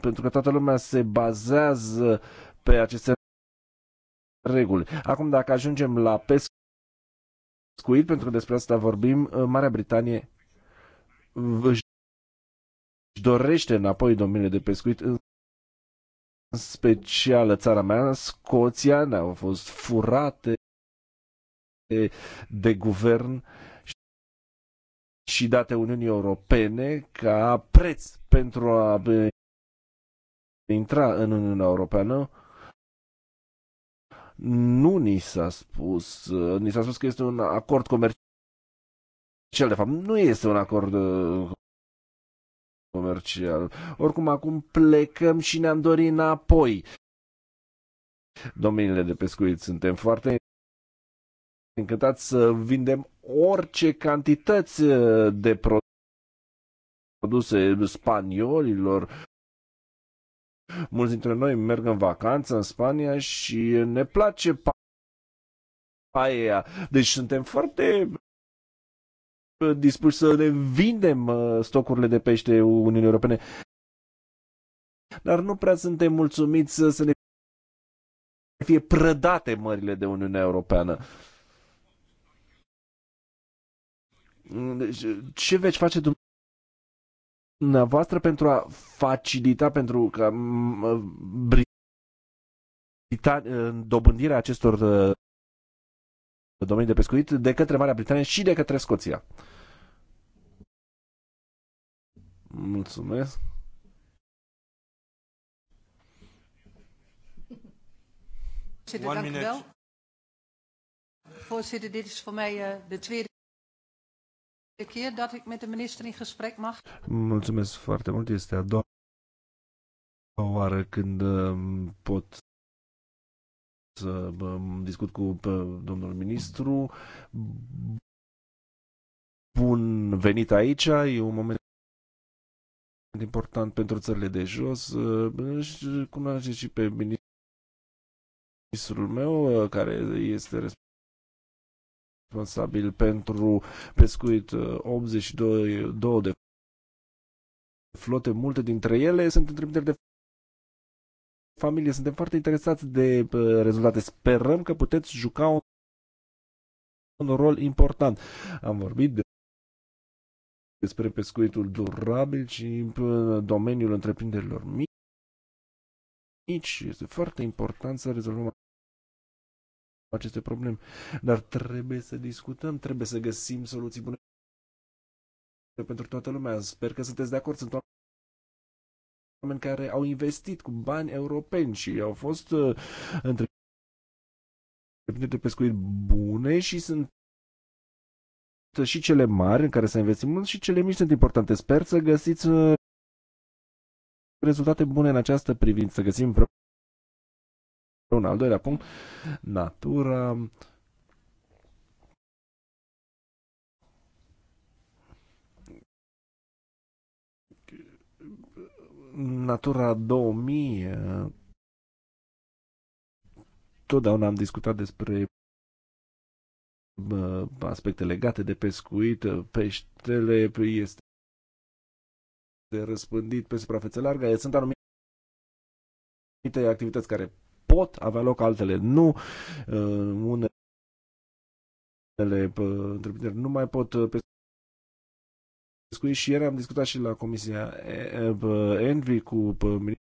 pentru că toată lumea se bazează pe aceste reguli. Acum, dacă ajungem la pescuit, pentru că despre asta vorbim, Marea Britanie își dorește înapoi domeniile de pescuit, în special țara mea, Scoția, ne-au fost furate de, de guvern și date Uniunii Europene ca preț pentru a intra în Uniunea Europeană nu ni s-a spus, uh, ni s-a spus că este un acord comercial, de fapt nu este un acord uh, comercial. Oricum acum plecăm și ne-am dorit înapoi. Domeniile de pescuit suntem foarte încântați să vindem orice cantități uh, de produse spaniolilor, Mulți dintre noi merg în vacanță în Spania și ne place paia. Deci suntem foarte uh, dispuși să ne vindem uh, stocurile de pește Uniunii Europene. Dar nu prea suntem mulțumiți să ne fie prădate mările de Uniunea Europeană. Deci, ce veți face dumneavoastră pentru a facilita, pentru că dobândirea acestor uh, domenii de pescuit de către Marea Britanie și de către Scoția. Mulțumesc. One Voorzitter, dit is voor mij eh, de tweede. Mulțumesc foarte mult. Este a doua oară când um, pot să um, discut cu domnul ministru. Bun venit aici. E un moment important pentru țările de jos. Cunoaște și pe ministrul meu, care este responsabil responsabil pentru pescuit 82 uh, de flote, multe dintre ele sunt întreprinderi de familie. Suntem foarte interesați de uh, rezultate. Sperăm că puteți juca un, un rol important. Am vorbit de despre pescuitul durabil și în uh, domeniul întreprinderilor mici. Este foarte important să rezolvăm aceste probleme. Dar trebuie să discutăm, trebuie să găsim soluții bune pentru toată lumea. Sper că sunteți de acord. Sunt oameni care au investit cu bani europeni și au fost uh, între de pescuit bune și sunt și cele mari în care să investim mult și cele mici sunt importante. Sper să găsiți uh, rezultate bune în această privință, să găsim un al doilea punct, natura. Natura 2000 totdeauna am discutat despre aspecte legate de pescuit, peștele este răspândit pe suprafețe largă, sunt anumite activități care pot avea loc, altele nu. Uh, unele uh, întreprinderi nu mai pot uh, pescui și ieri am discutat și la Comisia Envy cu ministrul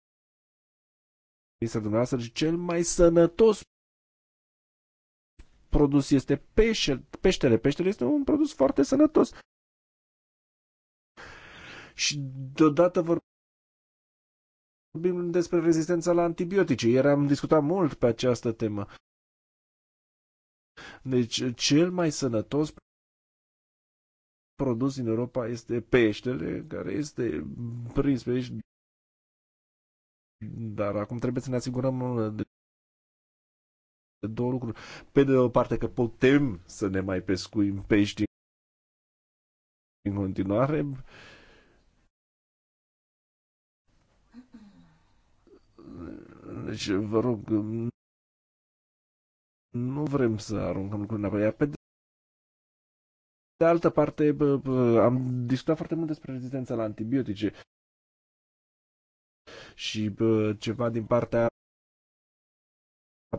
dumneavoastră și cel mai sănătos produs este peștele. Peștele este un produs foarte sănătos. Și deodată vor vorbim despre rezistența la antibiotice. Ieri am discutat mult pe această temă. Deci, cel mai sănătos produs în Europa este peștele, care este prins pe aici. Dar acum trebuie să ne asigurăm de două lucruri. Pe de o parte că putem să ne mai pescuim pești în continuare, Deci, vă rog, nu vrem să aruncăm lucrurile înapoi. Pe de altă parte, am discutat foarte mult despre rezistența la antibiotice și ceva din partea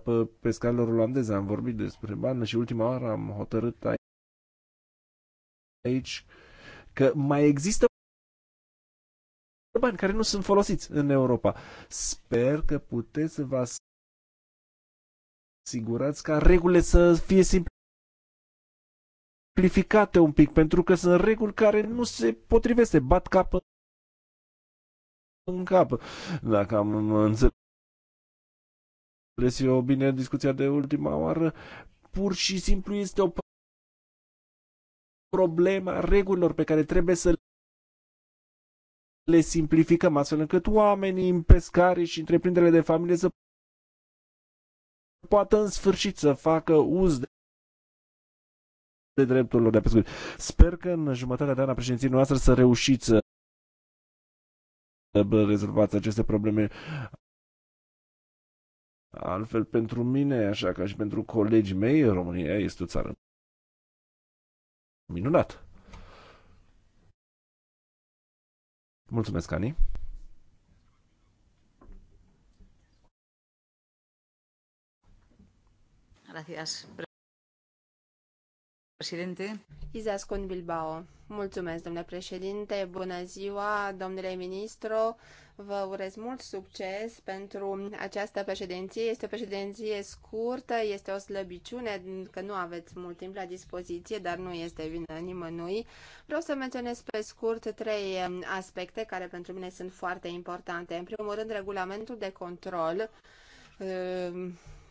pe pescarilor olandeze. Am vorbit despre bani și ultima oară am hotărât aici că mai există bani care nu sunt folosiți în Europa. Sper că puteți să vă asigurați ca regulile să fie simplificate un pic, pentru că sunt reguli care nu se potrivesc, se bat cap în cap. Dacă am înțeles eu bine discuția de ultima oară, pur și simplu este o problemă a regulilor pe care trebuie să le simplificăm astfel încât oamenii, pescarii și întreprinderile de familie să poată în sfârșit să facă uz de de dreptul lor de a pescuit. Sper că în jumătatea de an a președinției noastre să reușiți să rezolvați aceste probleme. Altfel, pentru mine, așa ca și pentru colegii mei, România este o țară minunată. Mulțumesc, Ani. Gracias președinte. Izascun Bilbao. Mulțumesc, domnule președinte. Bună ziua, domnule ministru. Vă urez mult succes pentru această președinție. Este o președinție scurtă, este o slăbiciune că nu aveți mult timp la dispoziție, dar nu este vină nimănui. Vreau să menționez pe scurt trei eh, aspecte care pentru mine sunt foarte importante. În primul rând, regulamentul de control eh,